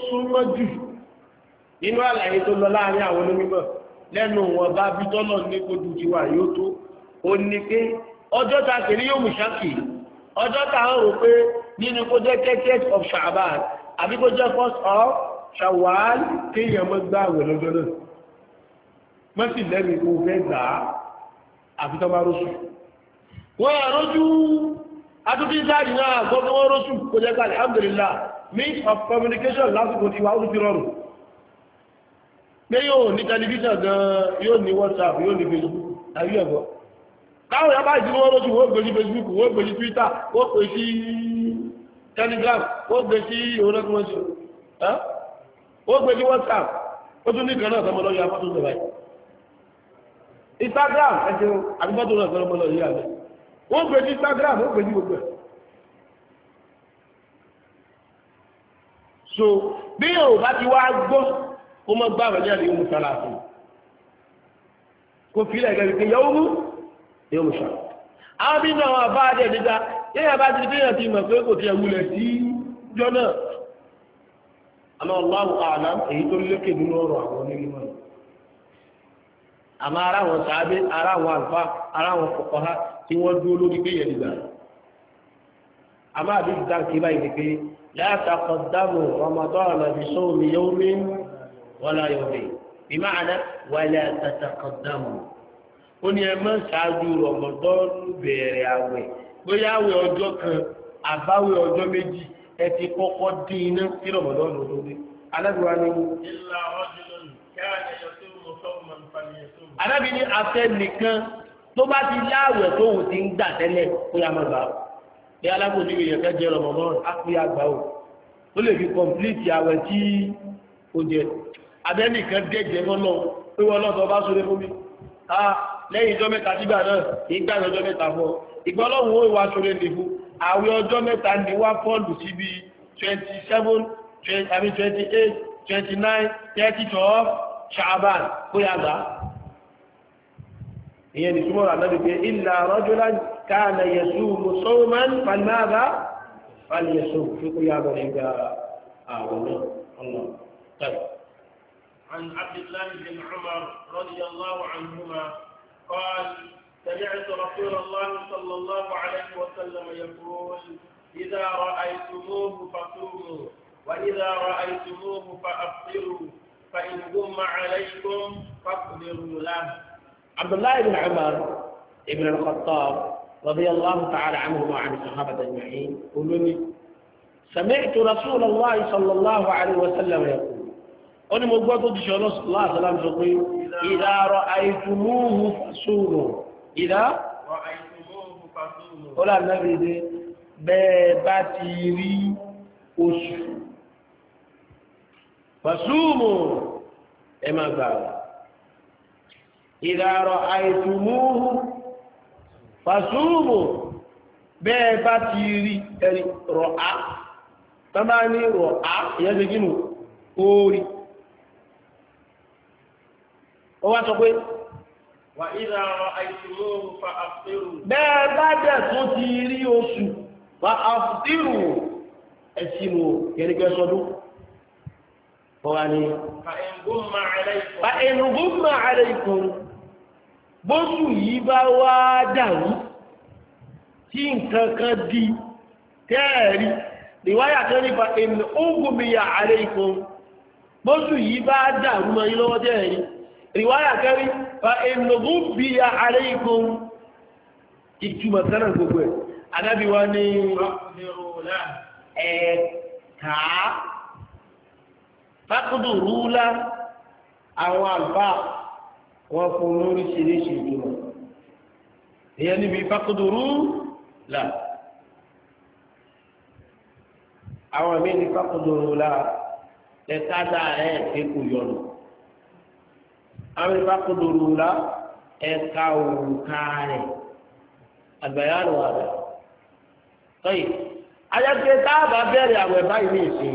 súnmọ́ jù nínú àlàyé tó lọ láàrin àwọn onímọ̀ lẹ́nu wọn bá bí tọ́lọ̀ ní kojú ti wà yóò tó ó ní pé ọjọ́ ta kìí yóò mú ṣáàkì ọjọ́ ta ń rò pé nínú kó jẹ́ thirtieth of Sha'ban àbí kó jẹ́ first of Shawwal kéèyàn mọ́ gbá àwẹ̀ lọ́jọ́ náà àtúntí jáde náà gbọ́dọ̀ wọ́n rọ́ṣù kò jẹ́ pé alhamdulillah means of communication lásìkò tí wà ó ti rọrùn pé yóò ní tẹlifíṣàn gan yóò ní whatsapp yóò ní facebook àbí ẹ̀bọ̀ káwọn yàbá ìdílé wọ́n rọ́ṣù wọ́n gbèjì facebook wọ́n gbèjì twitter wọ́n pè telegram wọ́n gbè sí wọ́n gbè whatsapp ó tún ní kan náà sọmọlọ yìí àbátó sọ báyìí instagram ẹ̀ṣẹ̀ àbíbátó náà sọmọlọ yìí àbẹ́ o gbé ní Instagram ó gbé ní gbogbo ẹ̀ so bí yóò bá ti wá gbọ́ kó mọ́ gbàgbọ́ ní àlè yóò sára àti kó fílẹ̀ gẹ̀rẹ́ pé yóò mú yóò sára àwọn bí náà wà bá ti pé kò ti ẹ̀wù lẹ̀ sí jọ náà àmọ́ èyí tó lékè nínú àwọn àmọ́ ara ara àlùfáà ara tí wọ́n dúró lórí pé yẹn gbà àmọ́ àdúgbò dáńkì báyìí ni pé látàkọ̀ dáàbò Ramadan àbí sọ́ọ̀mì yóò rí wọ́lá yóò rí bí máa ná wàlẹ̀ àtàkọ̀ dáàbò ó ní ẹ mọ́ ṣáájú Ramadan bẹ̀rẹ̀ àwẹ̀ bóyá àwẹ̀ ọjọ́ kan àbáwẹ̀ ọjọ́ méjì ẹ ti kọ́kọ́ dín iná sí Ramadan lọ́dún dé alágbèwá ni. alábìíní afẹ́ nìkan tó bá ti láàwẹ̀ tó wù ti ń gbà tẹ́lẹ̀ kó yá máa gbà ó ní alábòjú yẹn fẹ́ jẹ́ rọmọmọ́ àkúyà gbà ó ó lè fi kọ̀m̀plíìtì àwẹ̀ tí ó jẹ abẹ́nìkan dẹ́jẹ́ mọ́nà pé wọ́n lọ́sọ̀ bá sóre fún mi lẹ́yìn ọjọ́ mẹ́ta nígbà náà ìgbà ọjọ́ mẹ́ta fọ́ ìgbà ọlọ́run ó wá sóre nìfú àwẹ̀ ọjọ́ mẹ́ta ni wá fọ́ọ̀lù síbi twenty seven twenty eight twenty nine thirty twelve ṣàbàn هي ni súnmọ́ ànábì pé illa rajulan kana yasumu sawman fanáàbá fàlìyẹsù fíkú yàgò nígbà الله طيب عن عبد الله بن عمر رضي الله عنهما قال سمعت رسول الله صلى الله عليه وسلم يقول إذا رأيتموه فصوموا وإذا رأيتموه فأفطروا فإن غم عليكم فاقدروا له عبد الله بن عمر ابن الخطاب رضي الله تعالى عنهما وعن الصحابة أجمعين قلني سمعت رسول الله صلى الله عليه وسلم يقول أنا مقبض شنو صلى الله عليه وسلم يقول إذا رأيتموه فصوروا إذا رأيتموه فصوروا قول النبي دي بباتيري أسفو فصوموا إما قالوا idha ra'aytumuhu fasumu bẹ́ẹ̀ bá ti rí ẹni rọ̀á tọ́bá ní rọ̀á ìyẹ́sẹ̀ gínú orí ó wá sọ pé wà idha ra'aytumuhu fa aftiru bẹ́ẹ̀ bá dẹ̀ ti rí oṣù fa bóṣù yìí bá wá dàrú tí nǹkan kan di tẹ́ẹ̀rí ìwáyà tó nípa ènìyàn ogun mi yà bóṣù yìí bá dàrú mọ́ yí lọ́wọ́ tẹ́ẹ̀rí ìwáyà kẹrí fa ènìyàn ogun ìtumọ̀ sánà gbogbo ẹ̀ wọ́n fún lóríṣiríṣi ìtumọ̀ ìyẹn níbi fákúdùrú là àwọn míì ní fákúdùrú là lẹ́ka dáa ẹ̀ kéku yọnu àwọn ìfákúdùrú là ẹ̀ka òǹkà rẹ̀ àgbàyà ló wà bẹ́ẹ̀ tọ́yì ayáké táàbà bẹ̀rẹ̀ àwẹ̀ báyìí ní ìsìn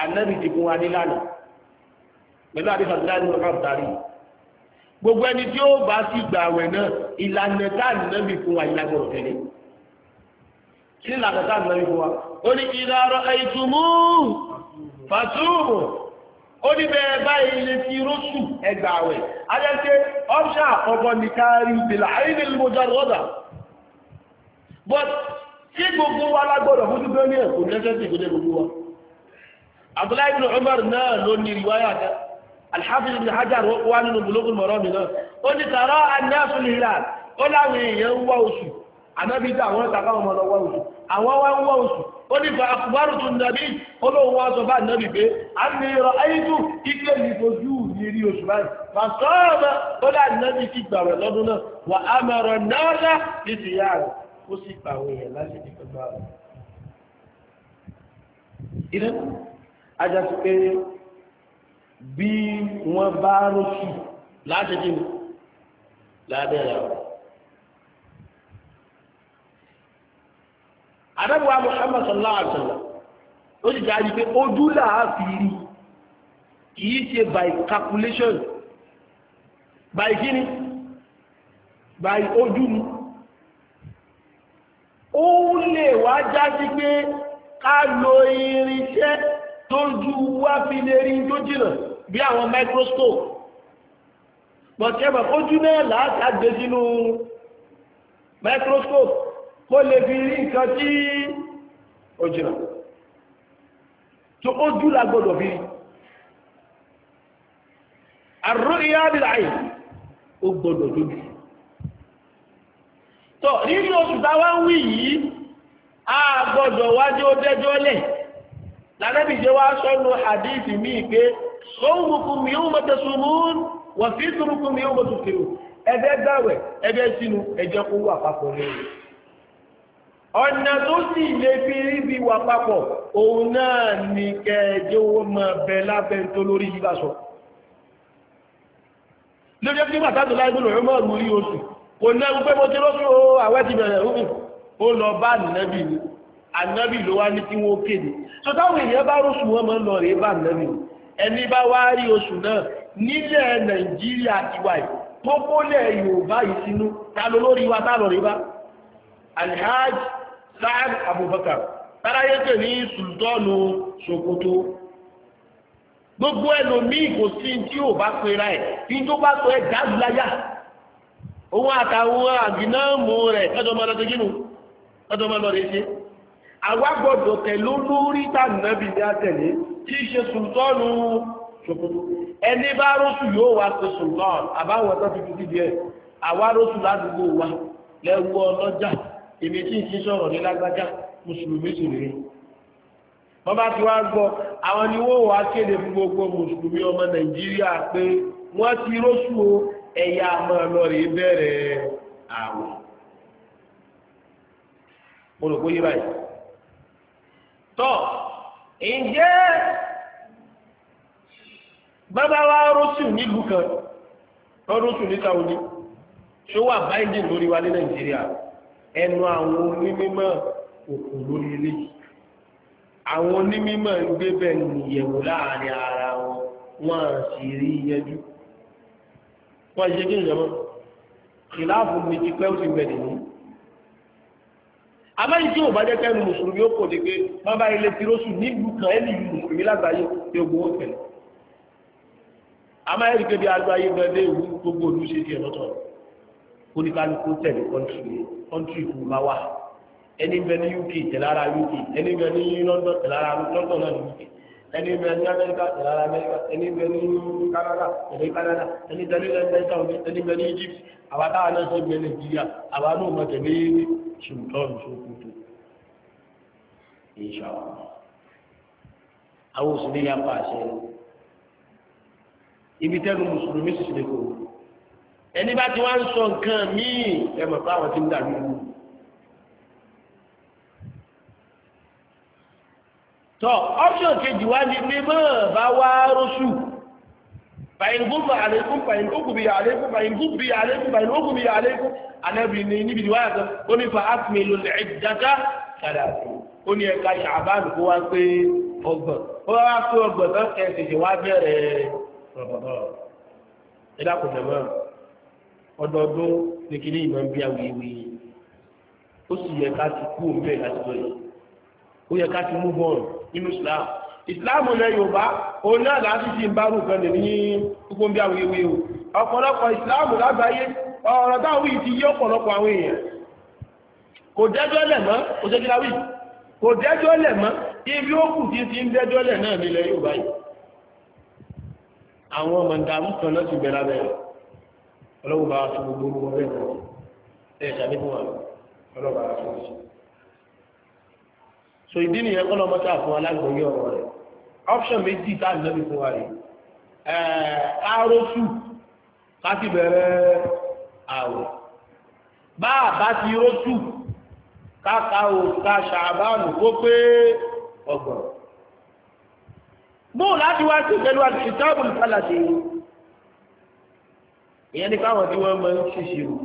ànábì wa nílànà pẹ̀lú àdìfàdúrà ní ọ̀rọ̀ àbùdarí gbogbo ẹni tí ó bá sì gbà àwẹ̀ náà ìlànà táàlù náà bí fún wa ìlànà ọ̀tẹ̀lẹ̀ kí ni ìlànà táàlù náà bí fún wa ó ní ìlànà ìtumú fàtúrù ó ní bẹ́ẹ̀ báyìí lè fi róṣù ẹgbà àwẹ̀ adẹ́sẹ́ ọ́ṣà ọgbọ́ but tí gbogbo wa lágbọ́dọ̀ fojú bẹ́ẹ̀ ní ẹ̀kọ́ lẹ́sẹ̀ sí ìgbẹ́lẹ̀ gbogbo wa Abdullahi riwaya alhafiz ibn hajar wá nínú bulugul marami náà ó ní tààrà anáṣù hilal ó láwọn èèyàn wá oṣù anábí dá àwọn tàkà wọn lọ wá oṣù àwọn wá ń wá oṣù ó ní fa akubaru tún nàbí olóhùn wá sọ bá nàbí pé a ní rọ ayéjú ike ní ojú ní rí oṣù báyìí fa sọ́ọ̀bà ó dá nàbí ti gbà rẹ̀ lọ́dún náà wà á mẹ́rọ náà ní ti yá pa àwọn èèyàn láti ní gbogbo àwọn. ìrẹ́pù ajá bí wọ́n bá rọ́ṣù láti dì mú lábẹ́ra àdábùwà Muhammad sallallahu alaihi wasallam ó sì dájú pé ojú láàfin rí kìí ṣe by calculation by kíni by ojú ni ó lè wá jásí pé ká lo irinṣẹ́ tójú wá fi lè rí tó jìnà bí àwọn microscope pọ̀tí ẹ̀mọ̀ ojú náà láti àgbé sínú microscope kó lè fi rí nǹkan tí ó jìnà tó ojú la gbọdọ̀ fi rí àrùn ìyá àbíláyé ó gbọdọ̀ lójú tọ̀ nínú oṣù táwa ń wí yìí a gbọdọ̀ wájú ó dẹjọ́ lẹ̀ lànàbìjẹ́ wa sọ́nu àdíìsì míì pé sọ́wọ́kùn yóò mọ́ tẹ̀sùmún wà sí ìtùrùkùn yóò mọ́ tùkìrù ẹgbẹ́ gbàwẹ̀ ẹgbẹ́ sínú ẹjẹ́ kó wà papọ̀ lẹ́yìn ọ̀nà tó sì lè fi ríbi wà papọ̀ òun náà ni kẹjẹ́ owó mọ́ bẹ lábẹ́ tó lórí yìí bá sọ lórí ẹgbẹ́ pàtàkì láì gbọ́nà ọmọ ọmọ orí oṣù kò ná gbé mo ti lọ́sùn ó àwẹ́ ti bẹ̀rẹ̀ rúbì ó lọ bá ànábì ni ànábì ló wá ní kí wọ́n kéde so èèyàn bá rọ́sùn wọn mọ́ lọ rèé bá ànábì ni ẹni bá wá rí oṣù náà nílẹ̀ nàìjíríà tiwa yìí tó kólẹ̀ yorùbá yìí sínú ta lórí wa tá lọ rí alhaj Sa'ad Abubakar táráyé pè ní sultanu Sokoto gbogbo ẹlòmíì kò sí tí ò bá pera ẹ̀ tí tó bá sọ ẹ̀ dáàbìláyà òun àtàwọn àgbìnáàmù rẹ̀ ẹjọ́ máa ẹjọ́ máa àwa gbọ́dọ̀ tẹ̀lé olórí tàbí ní àtẹ̀lé tí í ṣe sùntọ́nù ṣòkòtò ẹni bá rọ́sù yóò wá sí sùntọ́n àbáwọ̀ tó fi títí díẹ̀ àwa rọ́sù ládùúgbò wa lẹ́wọ́ ọlọ́jà èmi tí ń ṣe sọ̀rọ̀ ní lágbájá mùsùlùmí sì rèé wọ́n bá ti wá gbọ́ àwọn ni wọ́n wá kéde fún gbogbo mùsùlùmí ọmọ nàìjíríà pé báyìí tọ́ ǹjẹ́ bàbá wa rọ́ṣù nílùú kan rọ́ṣù ní Saudi ṣó wà báyìí lórí wa ní Nàìjíríà ẹnu àwọn onímọ̀ òkú lórí eléyìí àwọn onímọ̀ ń gbé bẹ́ẹ̀ nìyẹ̀wò láàrin ara wọn wọn sì rí yẹjú wọ́n ṣe kí n jọmọ́ mi ti pẹ́ ó gbẹ̀dẹ̀ ní àbáyé tí yóò bá jẹ́ kẹ́nu mùsùlùmí ó kò ní pé bàbá ilé tiroṣù nílùú kan ẹni ìlú mùsùlùmí lágbàáyé tí ó gbowó tẹ̀lé àmọ́ ẹ̀rí kébi àgbáyé bẹ́ẹ̀ lé ìwú gbogbo òdú ṣe tiẹ̀ lọ́tọ̀ oníkálukú tẹ̀lé kọ́ńtì ìlú bá wà ẹni bẹ ní UK tẹ̀lára UK ẹni bẹ ní London tẹ̀lára London náà ní UK ẹni bẹ ní amẹ́ríkà ẹ̀rọ amẹ́ríkà ẹni bẹ ní Canada ẹ̀rọ Canada ẹni bẹ ní lẹ́gbẹ̀ẹ́sà òní ẹni bẹ ní Egypt àwa táwa náà ṣe bẹ Nàìjíríà àwa náà mọ̀ tẹ̀lé ṣùgbọ́n ṣòkòtò ìṣọ́ àwọn òsì ní yapa àṣẹ ibi tẹ́lu mùsùlùmí sì lè kó ẹni bá ti wá ń sọ nǹkan míì ẹ tọ́ option kejì wá ní pé mọ́ bá wá rọ́ṣù fàyín gúnbà àlékún fàyín ókùn bí àlékún fàyín gúnbà bí àlékún fàyín ókùn bí àlékún anábì ní níbi ìwà àtọ́ ó ní ní ẹ̀ka ṣàbánu kó wá pé ọgbọ̀n ó wá pé ọgbọ̀n tán kẹsìsì wá bẹ̀rẹ̀ ẹ̀dàkùnjẹ̀mọ́ ọdọọdún ní kí ní ìmọ̀ ń bí awuyewuye ó sì yẹ ká ti kú òun bẹ́ẹ̀ láti lọ yìí ó yẹ ká ti mú bọ́ọ̀lù nínú islam islam ní yorùbá òun náà láti fi ń bá rúkan lè ní gbogbo bí awuyewuye o ọ̀pọ̀lọpọ̀ islam lágbàáyé ọ̀rọ̀ táwọn yìí ti yí ọ̀pọ̀lọpọ̀ àwọn èèyàn kò dẹ́jọ́ lẹ̀ mọ́ kò ṣe kíláwì kò dẹ́jọ́ lẹ̀ mọ́ ibi ó kù tí ti ń dẹ́jọ́ lẹ̀ náà nílẹ̀ yorùbá yìí àwọn ọmọ ìdààmú kan náà ti bẹ̀rẹ̀ abẹ́rẹ́ ọlọ́wọ́ bá wa fún gbogbo owó bẹ́ẹ̀ mọ́ ẹ̀ ṣàdébùwà ọlọ́wọ́ bá wa fún so ìdí nìyẹn kọ́ lọ́mọ́ta fún alágbòye ọ̀rọ̀ rẹ̀ option méjì tá ànábì fún wa rẹ̀ kárósù káti bẹ̀rẹ̀ àwẹ̀ bá àbá ti rósù káka o ká ṣàbánù kó pé ọgbọ̀n bóò láti wá sí pẹ̀lú àtìsítọ́ọ̀bù ìfàlàsì ìyẹn ní káwọn tí wọ́n máa ń ṣìṣirò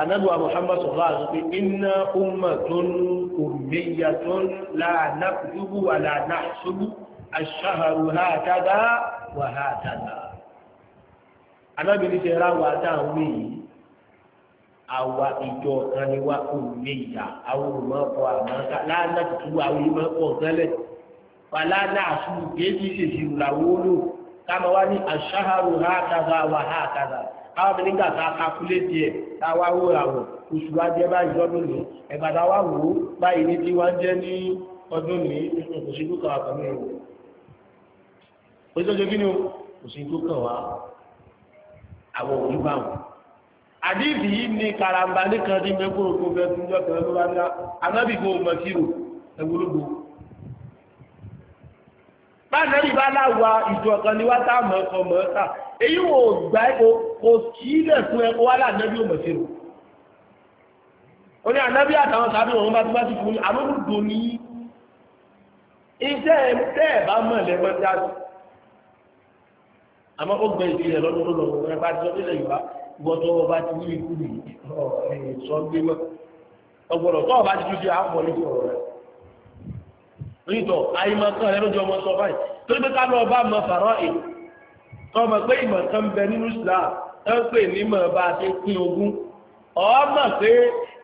anábùwà Muhammad sọ̀rọ̀ àti pé iná ó tó ń oromeya ton la nabu buwa la n'asogbu a shaharu na ta wa ha ta gaba wa ta nwunye awa ito ranuwa oromeya awuru ma bawa mara nnata kuku awuri ma kọbelet falana asu bebi se ziru lawonoo kama wa ni a shaharu na ta gaba wa ha ta gaba awa binigaza ka kule die da aworawo oṣù ajẹ́ báyìí lọ́dún ní ẹ̀bàdà wà wò ó báyìí ní tí wọ́n jẹ́ ní ọdún ní nínú kò sí tó kàn wá pẹ̀lú kí ni o kò sí tó kàn wá àwọn òbí bá wọn. àdìsí yìí ni karamba nìkan ti mẹ́kọ́ òkú bẹ́ẹ̀ tó ń jọ kẹ́lẹ́ ló wá ní anábìgbò mọ̀síro ẹ̀wúlógbò. báyìí ní bá láwa ìjọ kan ni wá tá a ọkọ̀ mọ̀ ọ́ ta èyí wò gbà kò kí ilẹ̀ fún ẹ ó ní ànábí àtàwọn sàbí wọn bá tó bá ti kú ní àlóòdò ní iṣẹ́ tẹ́ ẹ̀ bá mọ̀ lẹ́gbẹ́ dájú àmọ́ ó gbẹ ìdílé lọ́dún lọ́dún ọ̀rọ̀ ẹ̀ bá ti sọ́dún ilẹ̀ yorùbá gbọ́tọ̀ ọba ti wí ikú nìyí ọ̀rẹ́ sọ gbé mọ́ ọgbọ́dọ̀ tó ọba ti tún ṣe àpọ̀ níbi ọ̀rọ̀ rẹ̀ nítọ̀ àìmọ̀kan rẹ̀ lójú ọmọ sọ báyìí tó ní pé ká lọ bá mọ fàrọ̀ ẹ̀ tó mọ̀ pé ìmọ̀ kan bẹ nínú Islam ẹ̀ ń pè ní mọ̀ bá a ṣe pín ogún ọmọ pé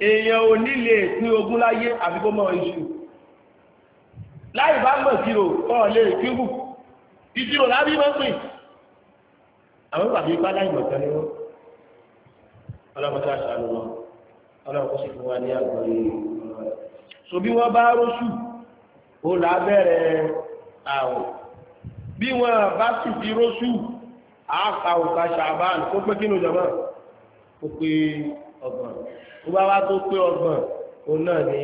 èèyàn ò nílé pín ogún láyé àbíkó mọ́ iṣu láì bá mọ̀ síro kọ́ lè kíkù ìṣirò lábí mọ́ pín àwọn bàbá ipá láì mọ̀tán ni wọ́n ọlọ́mọdé àṣàlù wọn ọlọ́mọdé sì fún wa ní àgbọ̀lẹ̀ so bí wọ́n bá róṣù ó lábẹ́rẹ̀ àwọ̀ bí wọ́n bá sì fi róṣù àkàwùkà ṣàbáà kó pé kínú jọmọ́ kó pé ọgbọ̀n tó bá wá tó pé ọgbọ̀n òun náà ni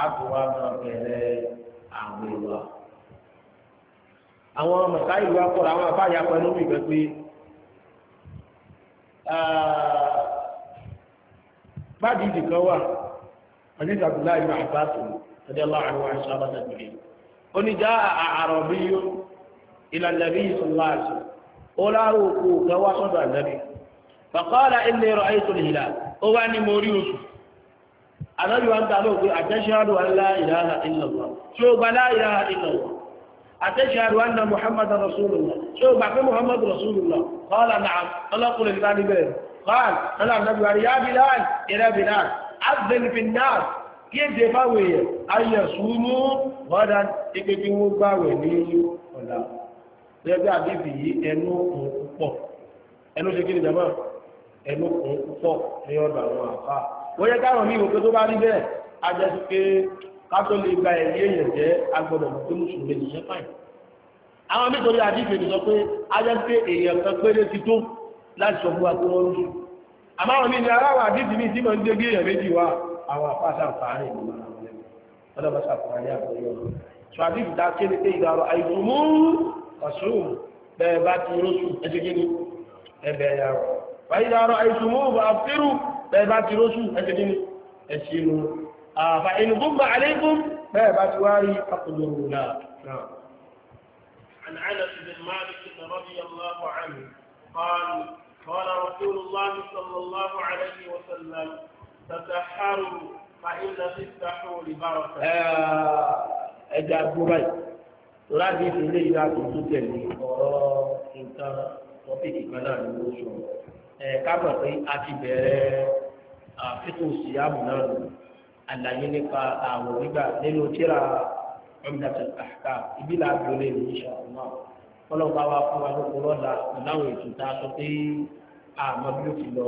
àákò wa máa bẹ̀rẹ̀ àwẹ̀ wa. àwọn màtá ìlú akọ̀rọ̀ àwọn afáyà pẹ̀lú ìgbẹ́ pé ah, báàdì ìdì kan wà àdìsí Abdullahi ibn Abbas radiyallahu anhu àṣà àbáta gbèrè ó ní já ìlànà bí sallallahu alaihi wasallam òkú kan wá sọ́dọ̀ àdàbí faqala inni ra'aytu al-hilal ó wá ní mo rí oṣù ànábì wa ń gbàgbọ́ pé àtẹ́ṣẹ́rù alá ìlàhà ìlọ̀wọ̀ tí ó gba láìláhà ìlọ̀wọ̀ àtẹ́ṣẹ́rù anna muhammad rasulullah tí ó gbà pé muhammad rasulullah kọ́ọ̀lá náà ọlọ́kùnrin nígbà níbẹ̀ kọ́ọ̀l ọlá ànábì wa rí yá bilal ìrẹ́ bilal abdul finnas kí èdè fáwọn èèyàn ayẹ̀ súnmú wọ́dá ipé àbíbì yìí ẹnu òun ẹnu ṣe kí ni jàmáà ẹnu kún púpọ̀ ní ọ̀dọ̀ àwọn àfà wọ́n yẹ káwọn mí wọ́pẹ́ tó bá rí bẹ́ẹ̀ a jẹ́ sí pé kátó lè gba ẹ̀rí èèyàn jẹ́ agbọ́dọ̀ mọ̀ pé mùsùlùmí nìyẹn fàìn àwọn nítorí àdífẹ́ ni sọ pé a jẹ́ sí pé èèyàn kan péré ti tó láti sọ fún wa pé wọ́n ń sùn àmọ́ àwọn mí ni aráwọ̀ àdífẹ́ mi tí mo ń dégbé èèyàn méjì wá àwọn àfà sàǹfààní ìlú ọlọ́mọ sàǹfààní àgbọ̀yọ̀ sọ àdífẹ́ dá kéde pé ìdàrọ̀ àìsùn mú ọ̀ṣun bẹ́ẹ̀ bá ti rọ́ṣù ẹ̀ṣẹ̀ kéde ẹ̀bẹ̀ wáyé arọ àìsùnmọ́ òbá àfẹ́rù bẹ́ẹ̀ bá ti róṣù ẹ̀kẹ́kẹ́ ni ẹ̀ṣẹ̀ nù àfà inú gbogbo àlékún bẹ́ẹ̀ bá ti wárí akọ̀lọ́rù náà. عن انس بن مالك رضي الله عنه قال قال láti ilé ìlà tuntun tẹ̀lé ọ̀rọ̀ nǹkan tọ́pìkì kan náà ni ó kábọ̀ pé a ti bẹ̀rẹ̀ fíkù síyáàmù náà lò àlàyé nípa àwọn gbígbà nínú tíra Umdatul Ahkam ibi là á bí olè ní ìṣàkóso náà kọlọ́ọ̀bá wa fún wa lóko lọ́la láwọn ètò tá a sọ pé àmọ́ bí ó ti lọ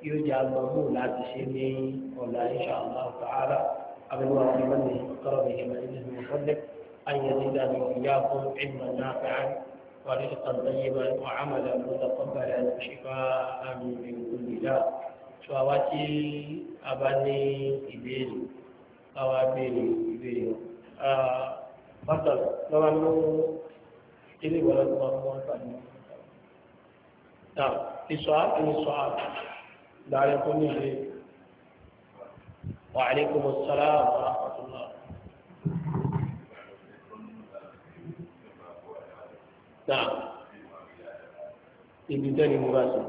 kí ó jẹ́ àgbà mú láti ṣe ní ọ̀la inshallah ta'ala abẹ́lẹ́ wa fi mọ́ni kọ́rọ̀ mi ìmọ̀ ìdílé mi ayé ẹ̀dínlá mi ìyá fún ìmọ̀ náà fẹ́ràn. طريقا طيبا وعملا متقبلا شفاء من كل داء ṣọwátí a bá ní ìbéèrè káwà béèrè ìbéèrè ah, pátọ̀ lọ́wọ́ mú ilé ìwọ̀n tó wọ́n wọ́n fà ní náà ìṣọ́ ìṣọ́ láàrin náà ibi tẹ́ni mo bá sọ.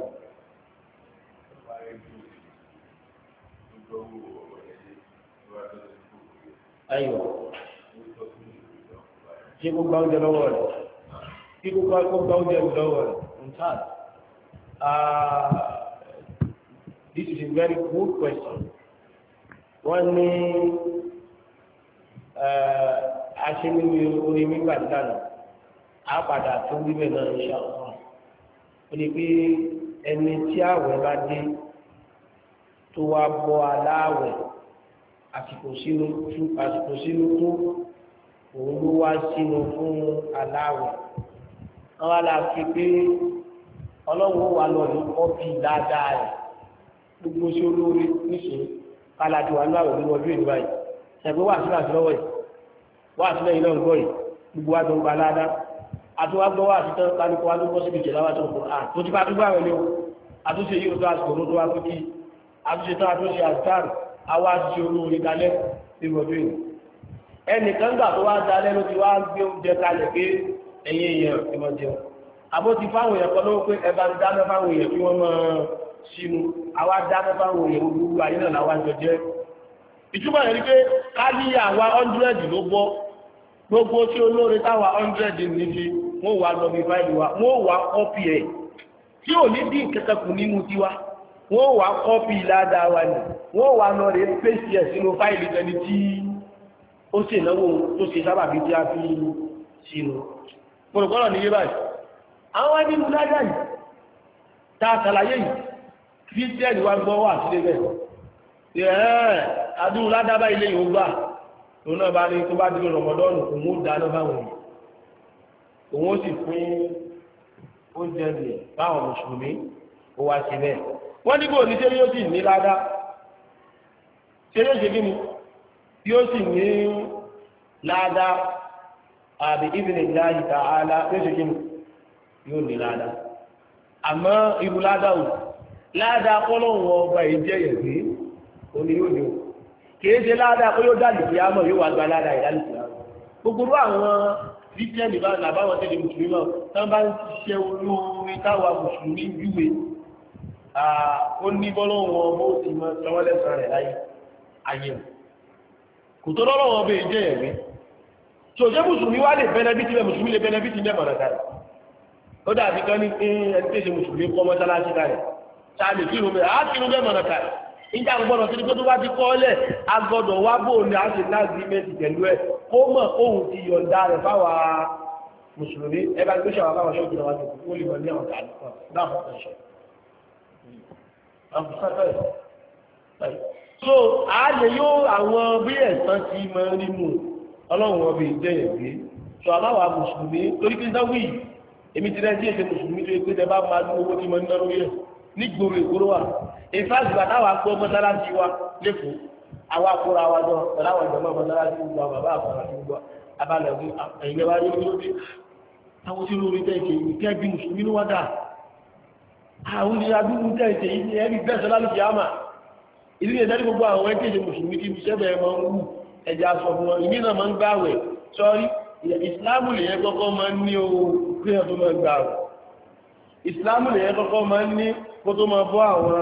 ayiwa ṣé kó gba oúnjẹ lọ́wọ́ rẹ̀ kí kó gba oúnjẹ lọ́wọ́ rẹ̀ ah, this is a very good question wọ́n ní eh, aṣẹ́niwé orí mígbà dànù á padà tó wíwẹ̀ náà ní ṣàkóso ó ní pé ẹni tí àwẹ̀ bá dé tó wá bọ́ aláwẹ̀ àsìkò sínú àsìkò sínú tó òun ló wá sínú fún aláwẹ̀ wọ́n wá la fi pé ọlọ́run wà lọ́ọ̀lù kọ́pì dáadáa rẹ̀ gbogbo sí olórí níṣẹ́ kálàdì wà láwẹ̀ nínú ọdún ìlú báyìí ṣẹ̀gbẹ́ wà sílẹ̀ àti lọ́wọ́ yìí wà sílẹ̀ yìí lọ́wọ́ yìí gbogbo wa tó ń gba ládàá àti wá gbọ́wọ́ àti tán kálukú wá ló bọ́ síbi jẹ̀ láwá tó kù à tó ti bá tó gbàwẹ̀ ni o àtúnṣe yìí ó tó àsìkò ló tó wá fún kí àtúnṣe tán àtúnṣe àtàrù àwa àtúnṣe olóore kalẹ̀ ìwọ̀dún yìí ẹnìkan gbà tó wá dalẹ́ ló ti wá gbé oúnjẹ kalẹ̀ pé ẹ̀yin èèyàn ẹ̀mọ̀ jẹun àbó ti fáwọn èèyàn kan lówó pé ẹ bá ń dáná fáwọn èèyàn kí wọ́n máa sínú àwa dáná fáwọn èèyàn gbogbo ayé náà làwa jọ jẹ́ ìtumọ̀ yẹn ni pé káyí àwa hundred ló bọ́ gbogbo tí olóore táwa hundred níbi Mo wa lọ bí fáìlì wa wọ́n wà kọ́pì ẹ̀ tí ò ní dín kankan kù nínú tiwa wọ́n wà kọ́pì ládàá wa ni wọ́n wà lọ rẹ̀ pèsè ẹ̀ sínú fáìlì tẹni tí ó ṣe ìnáwó tó ṣe sábàbí tí a fi sínú. pọ̀lọ̀pọ̀lọ̀ ní yébà yìí àwọn ẹni mú ládàá yìí tá a ṣàlàyé yìí kírísítẹ́nì wa gbọ́ wà sílé bẹ́ẹ̀ ẹ̀ẹ́ adúrú ládàá bá ilé yìí ó gbà òun náà bá ní tó bá dúró rọmọdọ́nù kò mú dáná báwọn yìí òun ó sì fún oúnjẹ rẹ̀ báwọn mùsùlùmí ó wá sí bẹ́ẹ̀ wọ́n ní bóòní ṣé yóò sì ní ládá ṣé yóò ṣe kí ni yóò sì ní ládá àbí ìbìnrin láàyè tààlà yóò ṣe kí ni yóò ní ládá àmọ́ irú ládá ò ládá kọ́lọ́hún ọba yìí jẹ́ yẹ̀gbé òní yóò ní o kìí ṣe ládá kó yóò dá lùkìyàmọ̀ yóò wá gba ládá ìdálùkìyàmọ̀ gbogbo àwọn kírísítẹ́nì bá làbáwọn tẹ́lẹ̀ mùsùlùmí náà tán bá ń ṣiṣẹ́ olóorin táwa mùsùlùmí yúwe ó ní bọ́lọ́wọ́n ọmọ ó ti mọ sanwó-lẹ́sàn rẹ̀ láyé ayé kò tó lọ́wọ́ bẹ́ẹ̀ jẹ́ ẹ̀rí tí òjẹ́ mùsùlùmí wá lè bẹ́nẹ́bìtì bẹ́ẹ̀ mùsùlùmí lè bẹ́nẹ́bìtì bẹ́ẹ̀ mọ̀nà dáadáa ó dàbí kan ní ẹni tí èsì mùsùlùmí kọ́ mọ́sálásí dáadáa sáàlì kí ó mọ̀ ohun ti yọ̀ǹda rẹ̀ fáwa mùsùlùmí ẹgbẹ́ tó ṣàwọn báwọn ṣọ́jú lọ́wọ́ tó kó lè wọ́n ní àwọn tààlù kan dáàbò so a lè yó àwọn bí ẹ̀sán ti mọ so aláwa mùsùlùmí torí kí n dáwọ́ yìí èmi ti rẹ́ díẹ̀ ṣe mùsùlùmí tó yẹ pé tẹ́lá máa ní owó tí mo ń dáró yẹ nígboro ìkóró wa ìfáàsì bàtà wa gbọ́ mọ́sálásí wa lẹ́kọ̀ọ́ àwa àkúrà wa jọ pẹ̀lú àwọn ìjọba mọ́sálásí gbogbo àwọn bàbá àbàràtí gbogbo abalẹ̀ ọ̀gbìn ẹ̀yẹ wa rí orí àwọn tí lórí tẹ́ẹ̀kẹ́ yìí kẹ́ bí mùsùlùmí ló wá dà àwọn ìṣẹ́ abúrú tẹ́ẹ̀kẹ́ yìí ẹ̀rí bẹ́ẹ̀ sọ́lá lùkì àmà ìlú ìdárí gbogbo àwọn ẹ̀kẹ́jẹ́ mùsùlùmí ti sẹ́bẹ̀ ẹ̀mọ ń wù ẹ̀jẹ̀ aṣọ fún wọn ìmí náà máa ń gbààwẹ̀ sọ́rí ìsìláàmù lèyẹn kọ́kọ́ máa ń ní o pé ọdún máa ń gbààwẹ̀ ìsìláàmù lèyẹn kọ́kọ́ máa ń ní kó tó máa bọ́ àwọn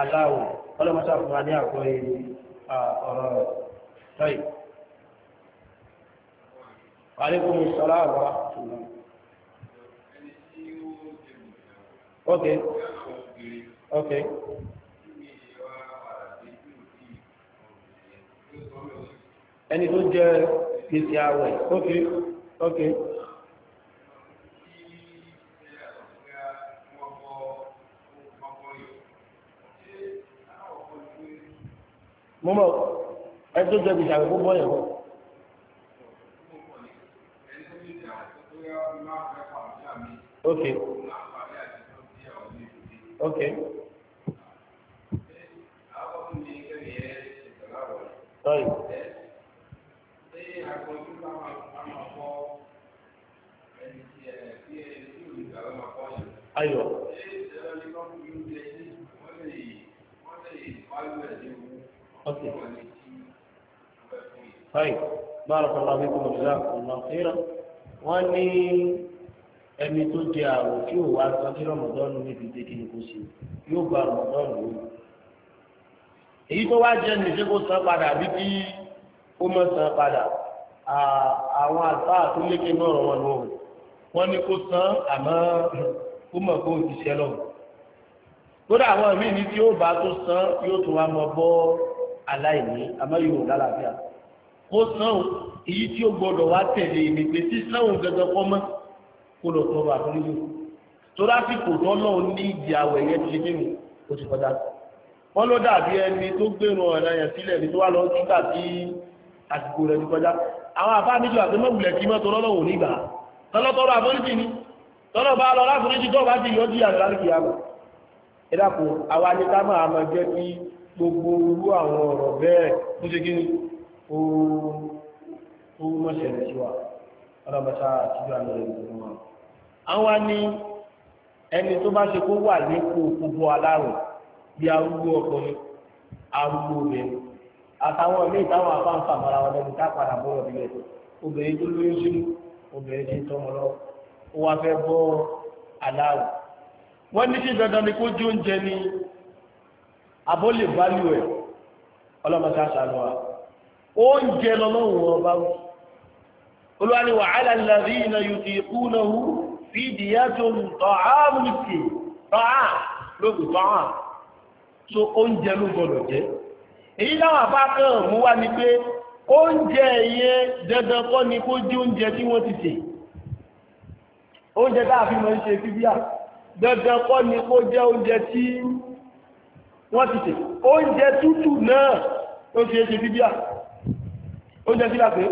aláwọ̀ ọlọ́mọṣàfúnra ní àkọ́ ẹ̀yẹ ọ̀rọ̀ rẹ̀ tọ́yì. Àlékún sọ́lá àwọ̀ ṣùgbọ́n. Ok. Ok. Ẹni tó jẹ́ gbèsè àwẹ̀. Ok. Ok. okay. mo mọ̀ ẹ tó jẹ́ gbèsè àgbẹ̀ gbogbo ọ̀yẹ̀wò. ok ok. Sorry. Ayọ̀. قتل طيب بارك الله فيكم وجزاكم الله خيرا wọ́n ní ẹni tó jẹ àrùn tí ò wá san sí rọmọdọ́nù níbi tẹ́kí ni kò sí yóò gba rọmọdọ́nù lórí èyí tó wá jẹ nìṣẹ́ kó san padà bí kí ó mọ̀ san padà àwọn àlùfáà tó lékè náà rọ̀ wọn lọ́wọ́ wọ́n ní kó san àmọ́ ó mọ̀ kó ti ṣẹlọ̀ kódà àwọn míì ní tí ó bá tó san yóò tún wá mọ bọ́ aláìní amáyòwò lálàáfíà kó sáwọn èyí tí ó gbọdọ̀ wá tẹ̀lé ní pé tí sáwọn gẹ́gẹ́ kọ́ mọ́ kó lọ tọrọ àforíjì torásìkò tó náà ní ìdí àwẹ̀ yẹn ti nínú ó ti kọjá wọn ló dàbí ẹni tó gbèrò ọ̀nà yẹn sílẹ̀ ní tó wá lọ nígbà tí àsìkò rẹ̀ ti kọjá àwọn àbá níjọ àti mọ́gbìlẹ̀ kí mọ́ tọrọ lọ́wọ́ nígbà tọ́lọ́tọ́rọ àforíjì gbogbo orú àwọn ọ̀rọ̀ bẹ́ẹ̀ ó ṣe gíní ó mọ́ṣẹ̀lẹ̀ sí wa ọlọ́bàtà àtijọ́ àmì ìgbìmọ̀ wọn. àwọn ni ẹni tó bá ṣe kó wà nípò gbogbo alárùn bí arúgbó ọkùnrin arúgbó obìnrin àtàwọn ilé ìtàwọn afáǹfà mara wọn lẹni tá padà bọ́rọ̀ bílẹ̀ obìnrin tó lóyún sínú obìnrin tí ń tọmọ lọ ó wá fẹ́ bọ́ alárùn. wọ́n ní sí dandan ni kó jóúnjẹ ni abólè value ẹ̀ ọlọ́mọdé aṣáájú wa oúnjẹ lọ́lọ́run wọn bá wù olùwàní wàhálà ńlárí iná yòókì kú náà hù fídìí yàtọ̀ tọ́hán mùsì tọ́hán lóbi tọ́hán so oúnjẹ ló gbọdọ̀ jẹ́ èyí láwọn àbá kan mú wá ni pé oúnjẹ yẹn kọ́ ni kó jẹ́ oúnjẹ tí wọ́n ti sè oúnjẹ tá a ń ṣe fífíà dandan kọ́ ni kó jẹ́ oúnjẹ tí wọ́n ti tè oúnjẹ tútù náà ó ṣe é ṣe bíbíà oúnjẹ kí lápé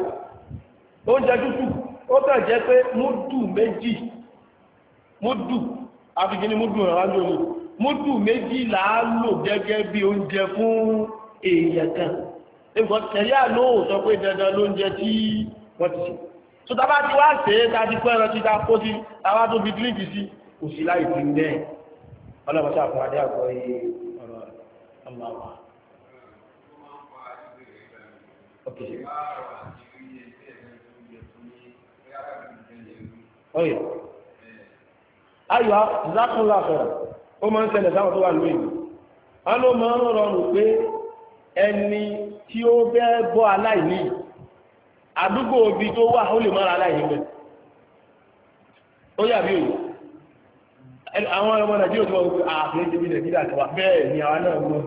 oúnjẹ tútù ó kàn jẹ́ pé múdù méjì múdù àfikí ni múdù rẹ̀ wájú omi múdù méjì là á lò gẹ́gẹ́ bí oúnjẹ fún èèyàn kan nǹkan tẹ̀yà lóò sọ pé dandan lóúnjẹ tí wọ́n ti ṣe tó tábà ti wá ṣe é tàbí pẹ́ ẹran títa kó sí táwa tó fi díríǹkì sí kò sí láì fi ń bẹ́ẹ̀ ọlọ́mọṣẹ́ àfọwádé àgbọ̀ yìí aláwà. Okay. Oye. Ayọ̀ ìzákùnlá sọ̀rọ̀, ó sáwọn tó wà A ló máa ń pé ẹni tí ó bẹ́ bọ́ aláìní, àdúgbò òbí tó wà ó lè mọ́ra aláìní bẹ̀. Ó yà bí àwọn ọmọ nàìjíríà tó wọ́n ààfẹ́ ìjẹ́bí nàìjíríà kọwà bẹ́ẹ̀ ni àwọn náà mọ́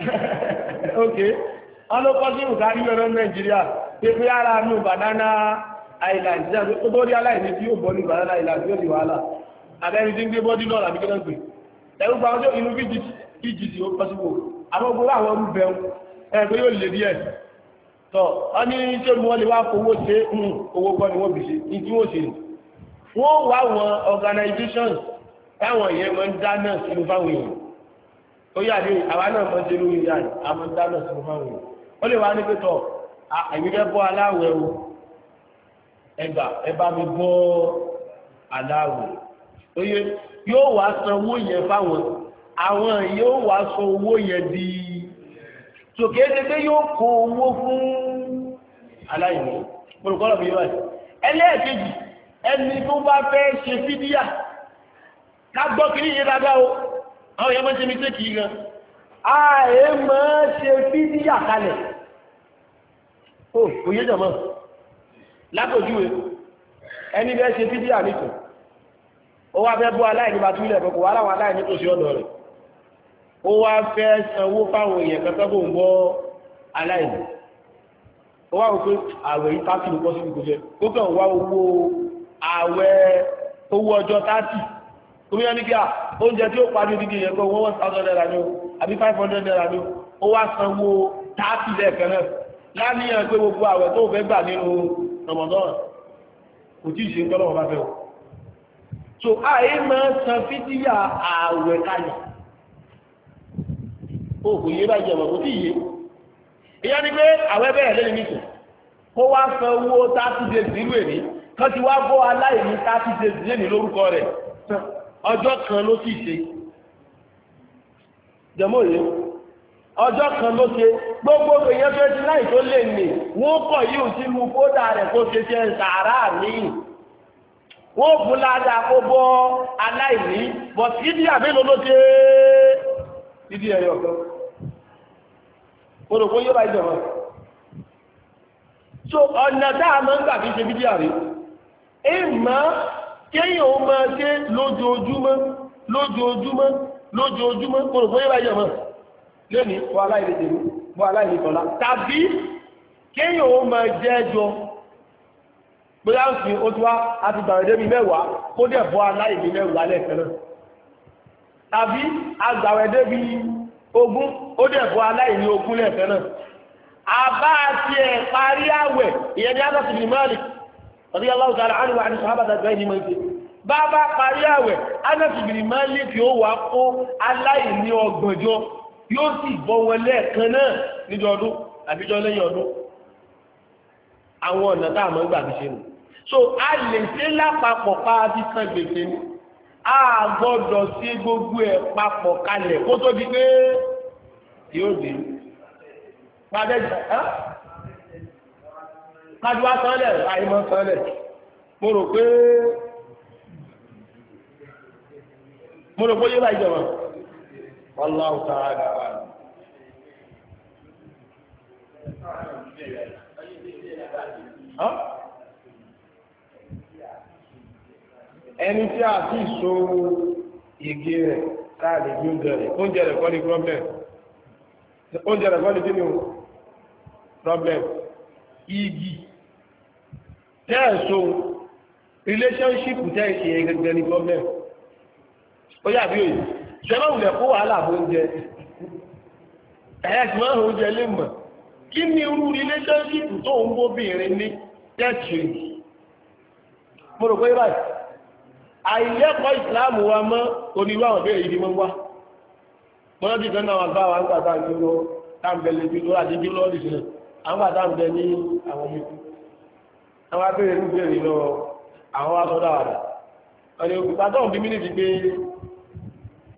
ok ọlọ́pọ̀sí ìrùkà ríọ̀rọ̀ nàìjíríà pépé ara nù banana island jẹ́ tó tó rí aláìní tí ó bọ́ ní banana island yóò di wàhálà abẹ́rin tí ń gbé bọ́dí lọ́la bí kẹ́lẹ́ pé ẹ̀rù gba ọjọ́ inú fíjì sí ó pọ́síwò àwọn ogun tọ́ a ní tí olùwọ́n lè wá fowó ṣe hmm, owó gbọ́ ni wọ́n bì ṣe ní tí wọ́n ṣe nù wọ́n wá wọn organizations táwọn èèyàn máa ń dáná sínú fáwọn èèyàn ó yà ní àwa náà máa ń ṣe lórí ìyá rẹ̀ a máa ń dáná sínú fáwọn èèyàn ó lè wá ní pé tọ́ àyíkẹ́ bọ́ aláwẹ̀ o ẹgbà ẹbá mi bọ́ aláwẹ̀ ó yẹ yóò wá san owó yẹn fáwọn àwọn yóò wá san owó yẹn bíi so kéde pé yóò kó owó fún aláìní olùkọ́lọ̀ bí wáyé ẹlẹ́ẹ̀kejì ẹni tó bá fẹ́ ṣe fídíà ká gbọ́ kiri yé dáadáa o àwọn èèyàn máa ń ṣe mistake yìí gan ààyè máa ṣe fídíà kalẹ̀ ó oh, òye jọ̀mọ́ lápòjúwe ẹni bẹ́ẹ̀ ṣe fídíà nìkan ó wá fẹ́ bú aláìní bá túlẹ̀ ó wá fẹ́ sanwó fáwọn èèyàn kan tọ́gbọ̀n ń bọ́ aláìní ó wá wọ́n pé àwẹ̀ yìí tásì ló kọ́ sí ìkọ́fẹ́ ó kàn wá owó àwẹ̀ owó ọjọ́ tásì tó bí wọ́n ní kí à oúnjẹ tí ó parí odidi yẹn kọ́ wọ́n one thousand naira ni o àbí five hundred naira ni o ó wá sanwó tásì lẹ́ẹ̀kan náà láníyàn pé gbogbo àwẹ̀ tó fẹ́ gbà nínú rọmọdọ́rùn kò tí ì ṣe ń tọ́lọ́wọ́ bá fẹ́ o so àyè máa san fídíà àwẹ̀ kalẹ̀ òògùn yìí bá jẹ ọmọ kò tí yé ìyá ni pé àwọn ẹbẹ̀rẹ̀ lẹ́nu mi sùn kó wá fẹ́ owó thirty days nílùú èmi kan ti wá bọ́ aláìní thirty days lẹ́nu lórúkọ rẹ̀ ọjọ́ kan ló sì ṣe jẹmọ́ yìí ọjọ́ kan ló ṣe gbogbo èèyàn fẹ́ ti láì tó lè nì wọ́n kọ̀ yìí ò sí mu kódà rẹ̀ kó ṣe ṣe ń sàárà míì wọ́n fún ládàá kó bọ́ aláìní bọ̀t ìdí àbẹ́lò ló dídí ẹ̀yọ̀ kan orò fún yóò bá ìjọba so ọ̀nà táà máa ń gbà fi ṣe bídí àrí ẹ má kéèyàn ó máa ṣe lójoojúmọ́ lójoojúmọ́ lójoojúmọ́ orò fún yóò bá ìjọba lónìí fún aláìlejèrú fún aláìlejọlá tàbí kéèyàn ó máa jẹ́ ẹjọ́ bóyá ń fi ó tún wá àti gbàrẹ́dẹ́bí mẹ́wàá kó dẹ̀ bọ́ aláìlejẹ̀rú lálẹ́ ẹ̀fẹ́ náà àbí agbàwẹ̀ débi ogún ó dẹ̀ bọ́ aláìní ogún náà àbá ẹ̀ parí àwẹ̀ ìyẹn ọdí aláwọ̀ sára àti sàhábàtà ní bá bá parí àwẹ̀ Anas bin kí ó wà aláìní ọgbọ̀njọ́ yóò sì bọ́ náà so a lè ṣe lápapọ̀ pa a gbọ́dọ̀ sí gbogbo ẹ̀ papọ̀ kalẹ̀ kó tó di pé dé ẹ́ kájúwá sọ́lẹ̀ sọ́lẹ̀ mo rò pé mo ẹni tí a ti so igi rẹ̀ káàdì bí oúnjẹ rẹ̀ oúnjẹ rẹ̀ kọ́ ni problem oúnjẹ rẹ̀ kọ́ ni kí ni o problem igi tẹ́ẹ̀sùn relationship tẹ́ẹ̀sì ẹgbẹ̀gbẹ̀ ní problem ó yà bí òyìn ṣẹlẹ̀ òlẹ̀ kó wàhálà oúnjẹ ẹ̀ẹ́sì máa ń oúnjẹ lè mọ̀ kí ni irú relationship tó ń bóbìnrin ní tẹ́ẹ̀sì mo rò pé báyìí àìlẹ́kọ̀ọ́ ìsìláàmù wa mọ́ oníwà ọ̀bẹ̀rẹ̀ ìdí mọ́ wá mọ́n bí kan náà bá wa ń gbàtà ní lọ táǹbẹ̀lẹ̀ bí lọ́wọ́ àti jílọ́ lè sílẹ̀ àwọn gbàtà ń bẹ ní àwọn ọmọ ikú àwọn abẹ́rẹ́ ń bẹ̀rẹ̀ lọ àwọn wa sọ́dọ̀ àwàdà ọ̀nà òkúta tó ń bí mínítì pé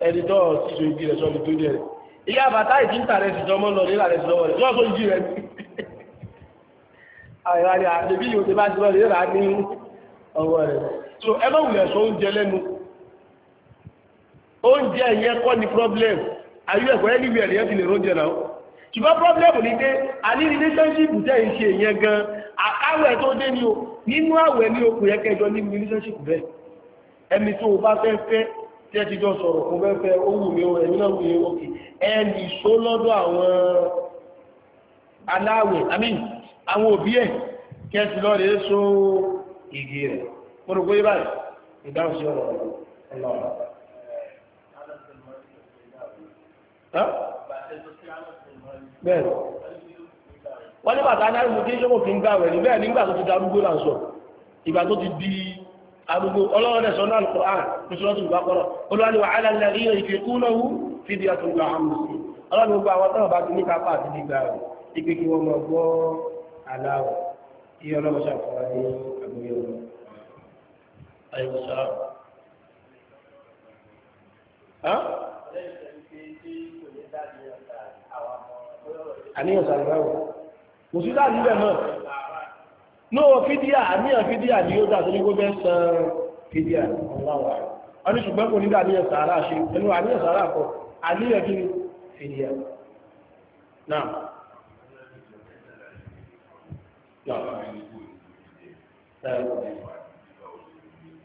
ẹ̀dìtọ́ síso igi rẹ̀ sọ́bi tó jẹ́ rẹ̀ ìyá bàtà ìdí ń tàrẹ ìsìtọ́ mọ́ lọ nílà rẹ̀ yóò ti bá ti lọ nílà ní ọwọ́ rẹ̀ so ẹ má wulẹ̀ sọ oúnjẹ lẹ́nu oúnjẹ yẹn kọ́ ni problem ayé ẹ̀kọ́ ẹ́ níbi ẹ̀rẹ́ ti lè róúnjẹ náà ṣùgbọ́n problem ni pé àní relationship jẹ́ ìṣe yẹn gan àkáwẹ̀ tó dé ni o nínú àwẹ̀ ní okùn yẹn kẹjọ ní relationship bẹ́ẹ̀ ẹni tó o bá fẹ́ fẹ́ tí ẹ ti jọ sọ̀rọ̀ kó fẹ́ fẹ́ ó wù mí o ẹ̀mí náà wù mí o kì ẹni só lọ́dọ̀ àwọn aláwẹ̀ àmì àwọn òbí ẹ̀ kẹ́sì lọ́rẹ̀ẹ́ so igi rẹ̀ mo rò pé báyìí ìdáhùn sí ọ̀rọ̀ ọlọ́run. bẹ́ẹ̀ wọ́n ní bàtà ní arúgbó tí sọ́kò fi ń gbàwẹ̀ ní bẹ́ẹ̀ nígbà tó ti da arúgbó náà sọ ìgbà tó ti di arúgbó ọlọ́run ẹ̀sọ́ náà lọ́kọ̀ án ní sọ́nà tó pọ̀rọ̀ olùwàlẹ̀ wàhálà ńlá rí ìfẹ́ kú náà wú fídíò àtúntò àmì sí ọlọ́run gbogbo àwọn tó bá ti ní kápá àti nígbà rẹ̀ ìpè kí wọ́n gbọ́ aláwọ̀ kí ọlọ́run ṣàfihàn alaikum salam àníyàn sàrìbáwò kò sí dáàbí bẹ́ẹ̀ náà náà fídíà àníyàn fídíà ni ó dáàbí kó bẹ́ẹ̀ san fídíà ọláwà wọn ni ṣùgbọ́n kò ní dáàníyàn sàárà ṣe ẹnu àníyàn sàárà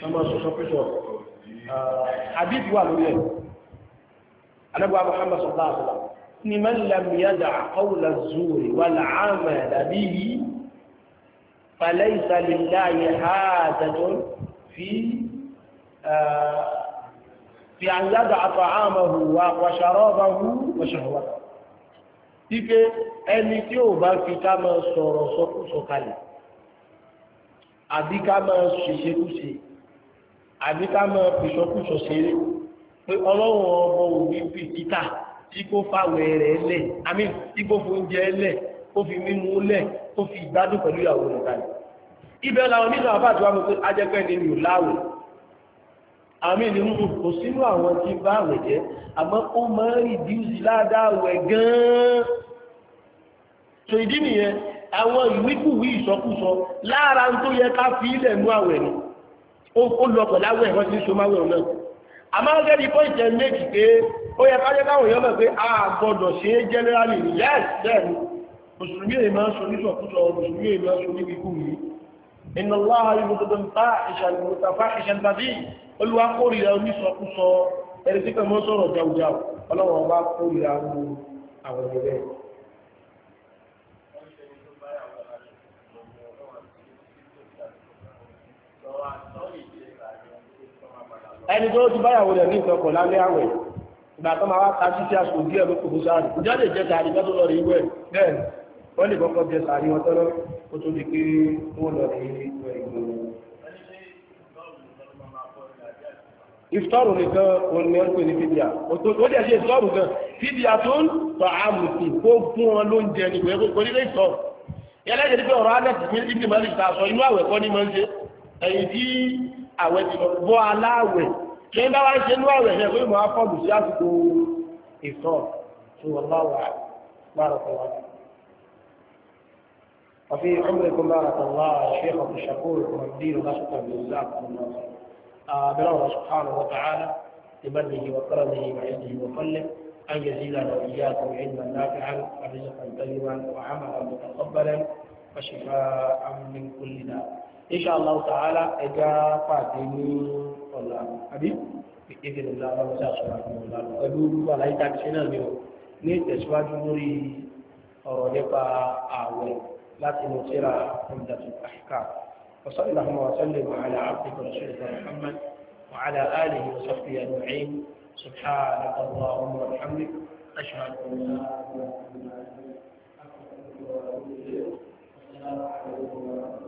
sọmọ sọsọ pẹ́sọ̀ àbíbí wà lórí ẹ̀ anábọ̀ Muhammad sallallahu alaihi wasallam ni man lam yada' qawla az-zuri wal 'amala bihi falaysa lillahi hajatun fi ah, fi an yada'a ta'amahu wa sharabahu wa shahwatahu wípé ẹni tí ò bá fi ká máa sọ̀rọ̀ sọ́kúsọ kalẹ̀ àbí ká máa ṣèṣekúṣe àbí ká mọ pìṣọkùṣọ ṣeré pé ọlọ́run ọmọ òbí fi títà tí kò fàwẹ̀ rẹ̀ lẹ̀ àmì tí kò fún oúnjẹ lẹ̀ kó fi mímú lẹ̀ kó fi ìgbádùn pẹ̀lú ìyàwó rẹ̀ ni mi ò ni mú kò sínú àwọn tí bá àwẹ̀ jẹ́ àmọ́ ó máa ń rìdíùsì ládàáwẹ̀ gan-an so ìdí nìyẹn àwọn ìwíkùwí ìsọkúsọ lára ń tó yẹ ká fi ilẹ̀ nú àwẹ̀ ni ó lọ pẹ̀lú àwọn ẹ̀rọ tí ń so máa wẹ̀ náà àmọ́ ó gẹ́gẹ́ bọ́ ìjẹ méjì pé ó yẹ ká jẹ́ káwọn èèyàn mọ̀ pé a gbọ́dọ̀ ṣe é jẹ́nẹ́rálì yes then mùsùlùmí èèyàn máa ń so nísọ̀kúsọ mùsùlùmí èèyàn máa ń so níbi kú yìí iná láha yìí gbogbo ń bá ìṣàlù mùtàfà ìṣàlùbàbí olúwa kórìíra onísọkúsọ ẹni tí kò ẹni tó ti báyàwó rẹ̀ ní ìtọ́kọ̀ lálẹ́ àwẹ̀ ìgbà tó máa wá ta sí sí àsìkò díẹ̀ ló kò sáré ìjọ lè jẹ sàárì tó lọ rí wẹ̀ bẹ́ẹ̀ wọ́n lè kọ́kọ́ jẹ sàárì wọn ó tó di pé wọ́n lọ rí wẹ̀ ìfitọ́rù nìkan wọn ni wọ́n pè ní fídíà ó dẹ̀ ṣe ìfitọ́rù gan fídíà tó ń tọ́ àmùsì kó fún wọn ló ń jẹ ní ìwé kò nílé ìtọ́ yẹlẹ́yìn pé ọ̀rọ̀ alẹ́ ti fi ìdí mọ́lì ta sọ inú àwẹ̀ ní mọ́ ń ṣe ẹ̀yìn tí àwẹ̀ ti lọ bọ́ aláwẹ̀ kí n bá wá ṣe ní àwẹ̀ yẹn pé mo á fọ́ọ̀lù sí àsìkò ìtọ́ tó wọ́n bá wà bárọ̀kọ̀ wá. وفي عمركم بارك الله الشيخ عبد الشكور والدين نشط جزاكم الله خيرا الله سبحانه وتعالى بمنه وكرمه وعزه وفضله أن يزيدنا وإياكم علما نافعا ورزقا طيبا وعملا متقبلا وشفاء من كل داء insha Allah ta'ala ẹja pàdé ní ọ̀la àbí ìkéde ní ọ̀la ọ̀la ṣàṣùwájú ọ̀la pẹ̀lú gbogbo àlàyé tàbíṣẹ́ náà ni ó ní ìtẹ̀síwájú lórí ọ̀rọ̀ nípa ààwẹ̀ láti mú nipa awe ọ̀dàtù àṣìká وصلى الله وسلم على عبدك ورسولك محمد وعلى آله وصحبه أجمعين سبحانك اللهم وبحمدك أشهد أن لا إله إلا أنت أستغفرك وأتوب إليك السلام عليكم ورحمة الله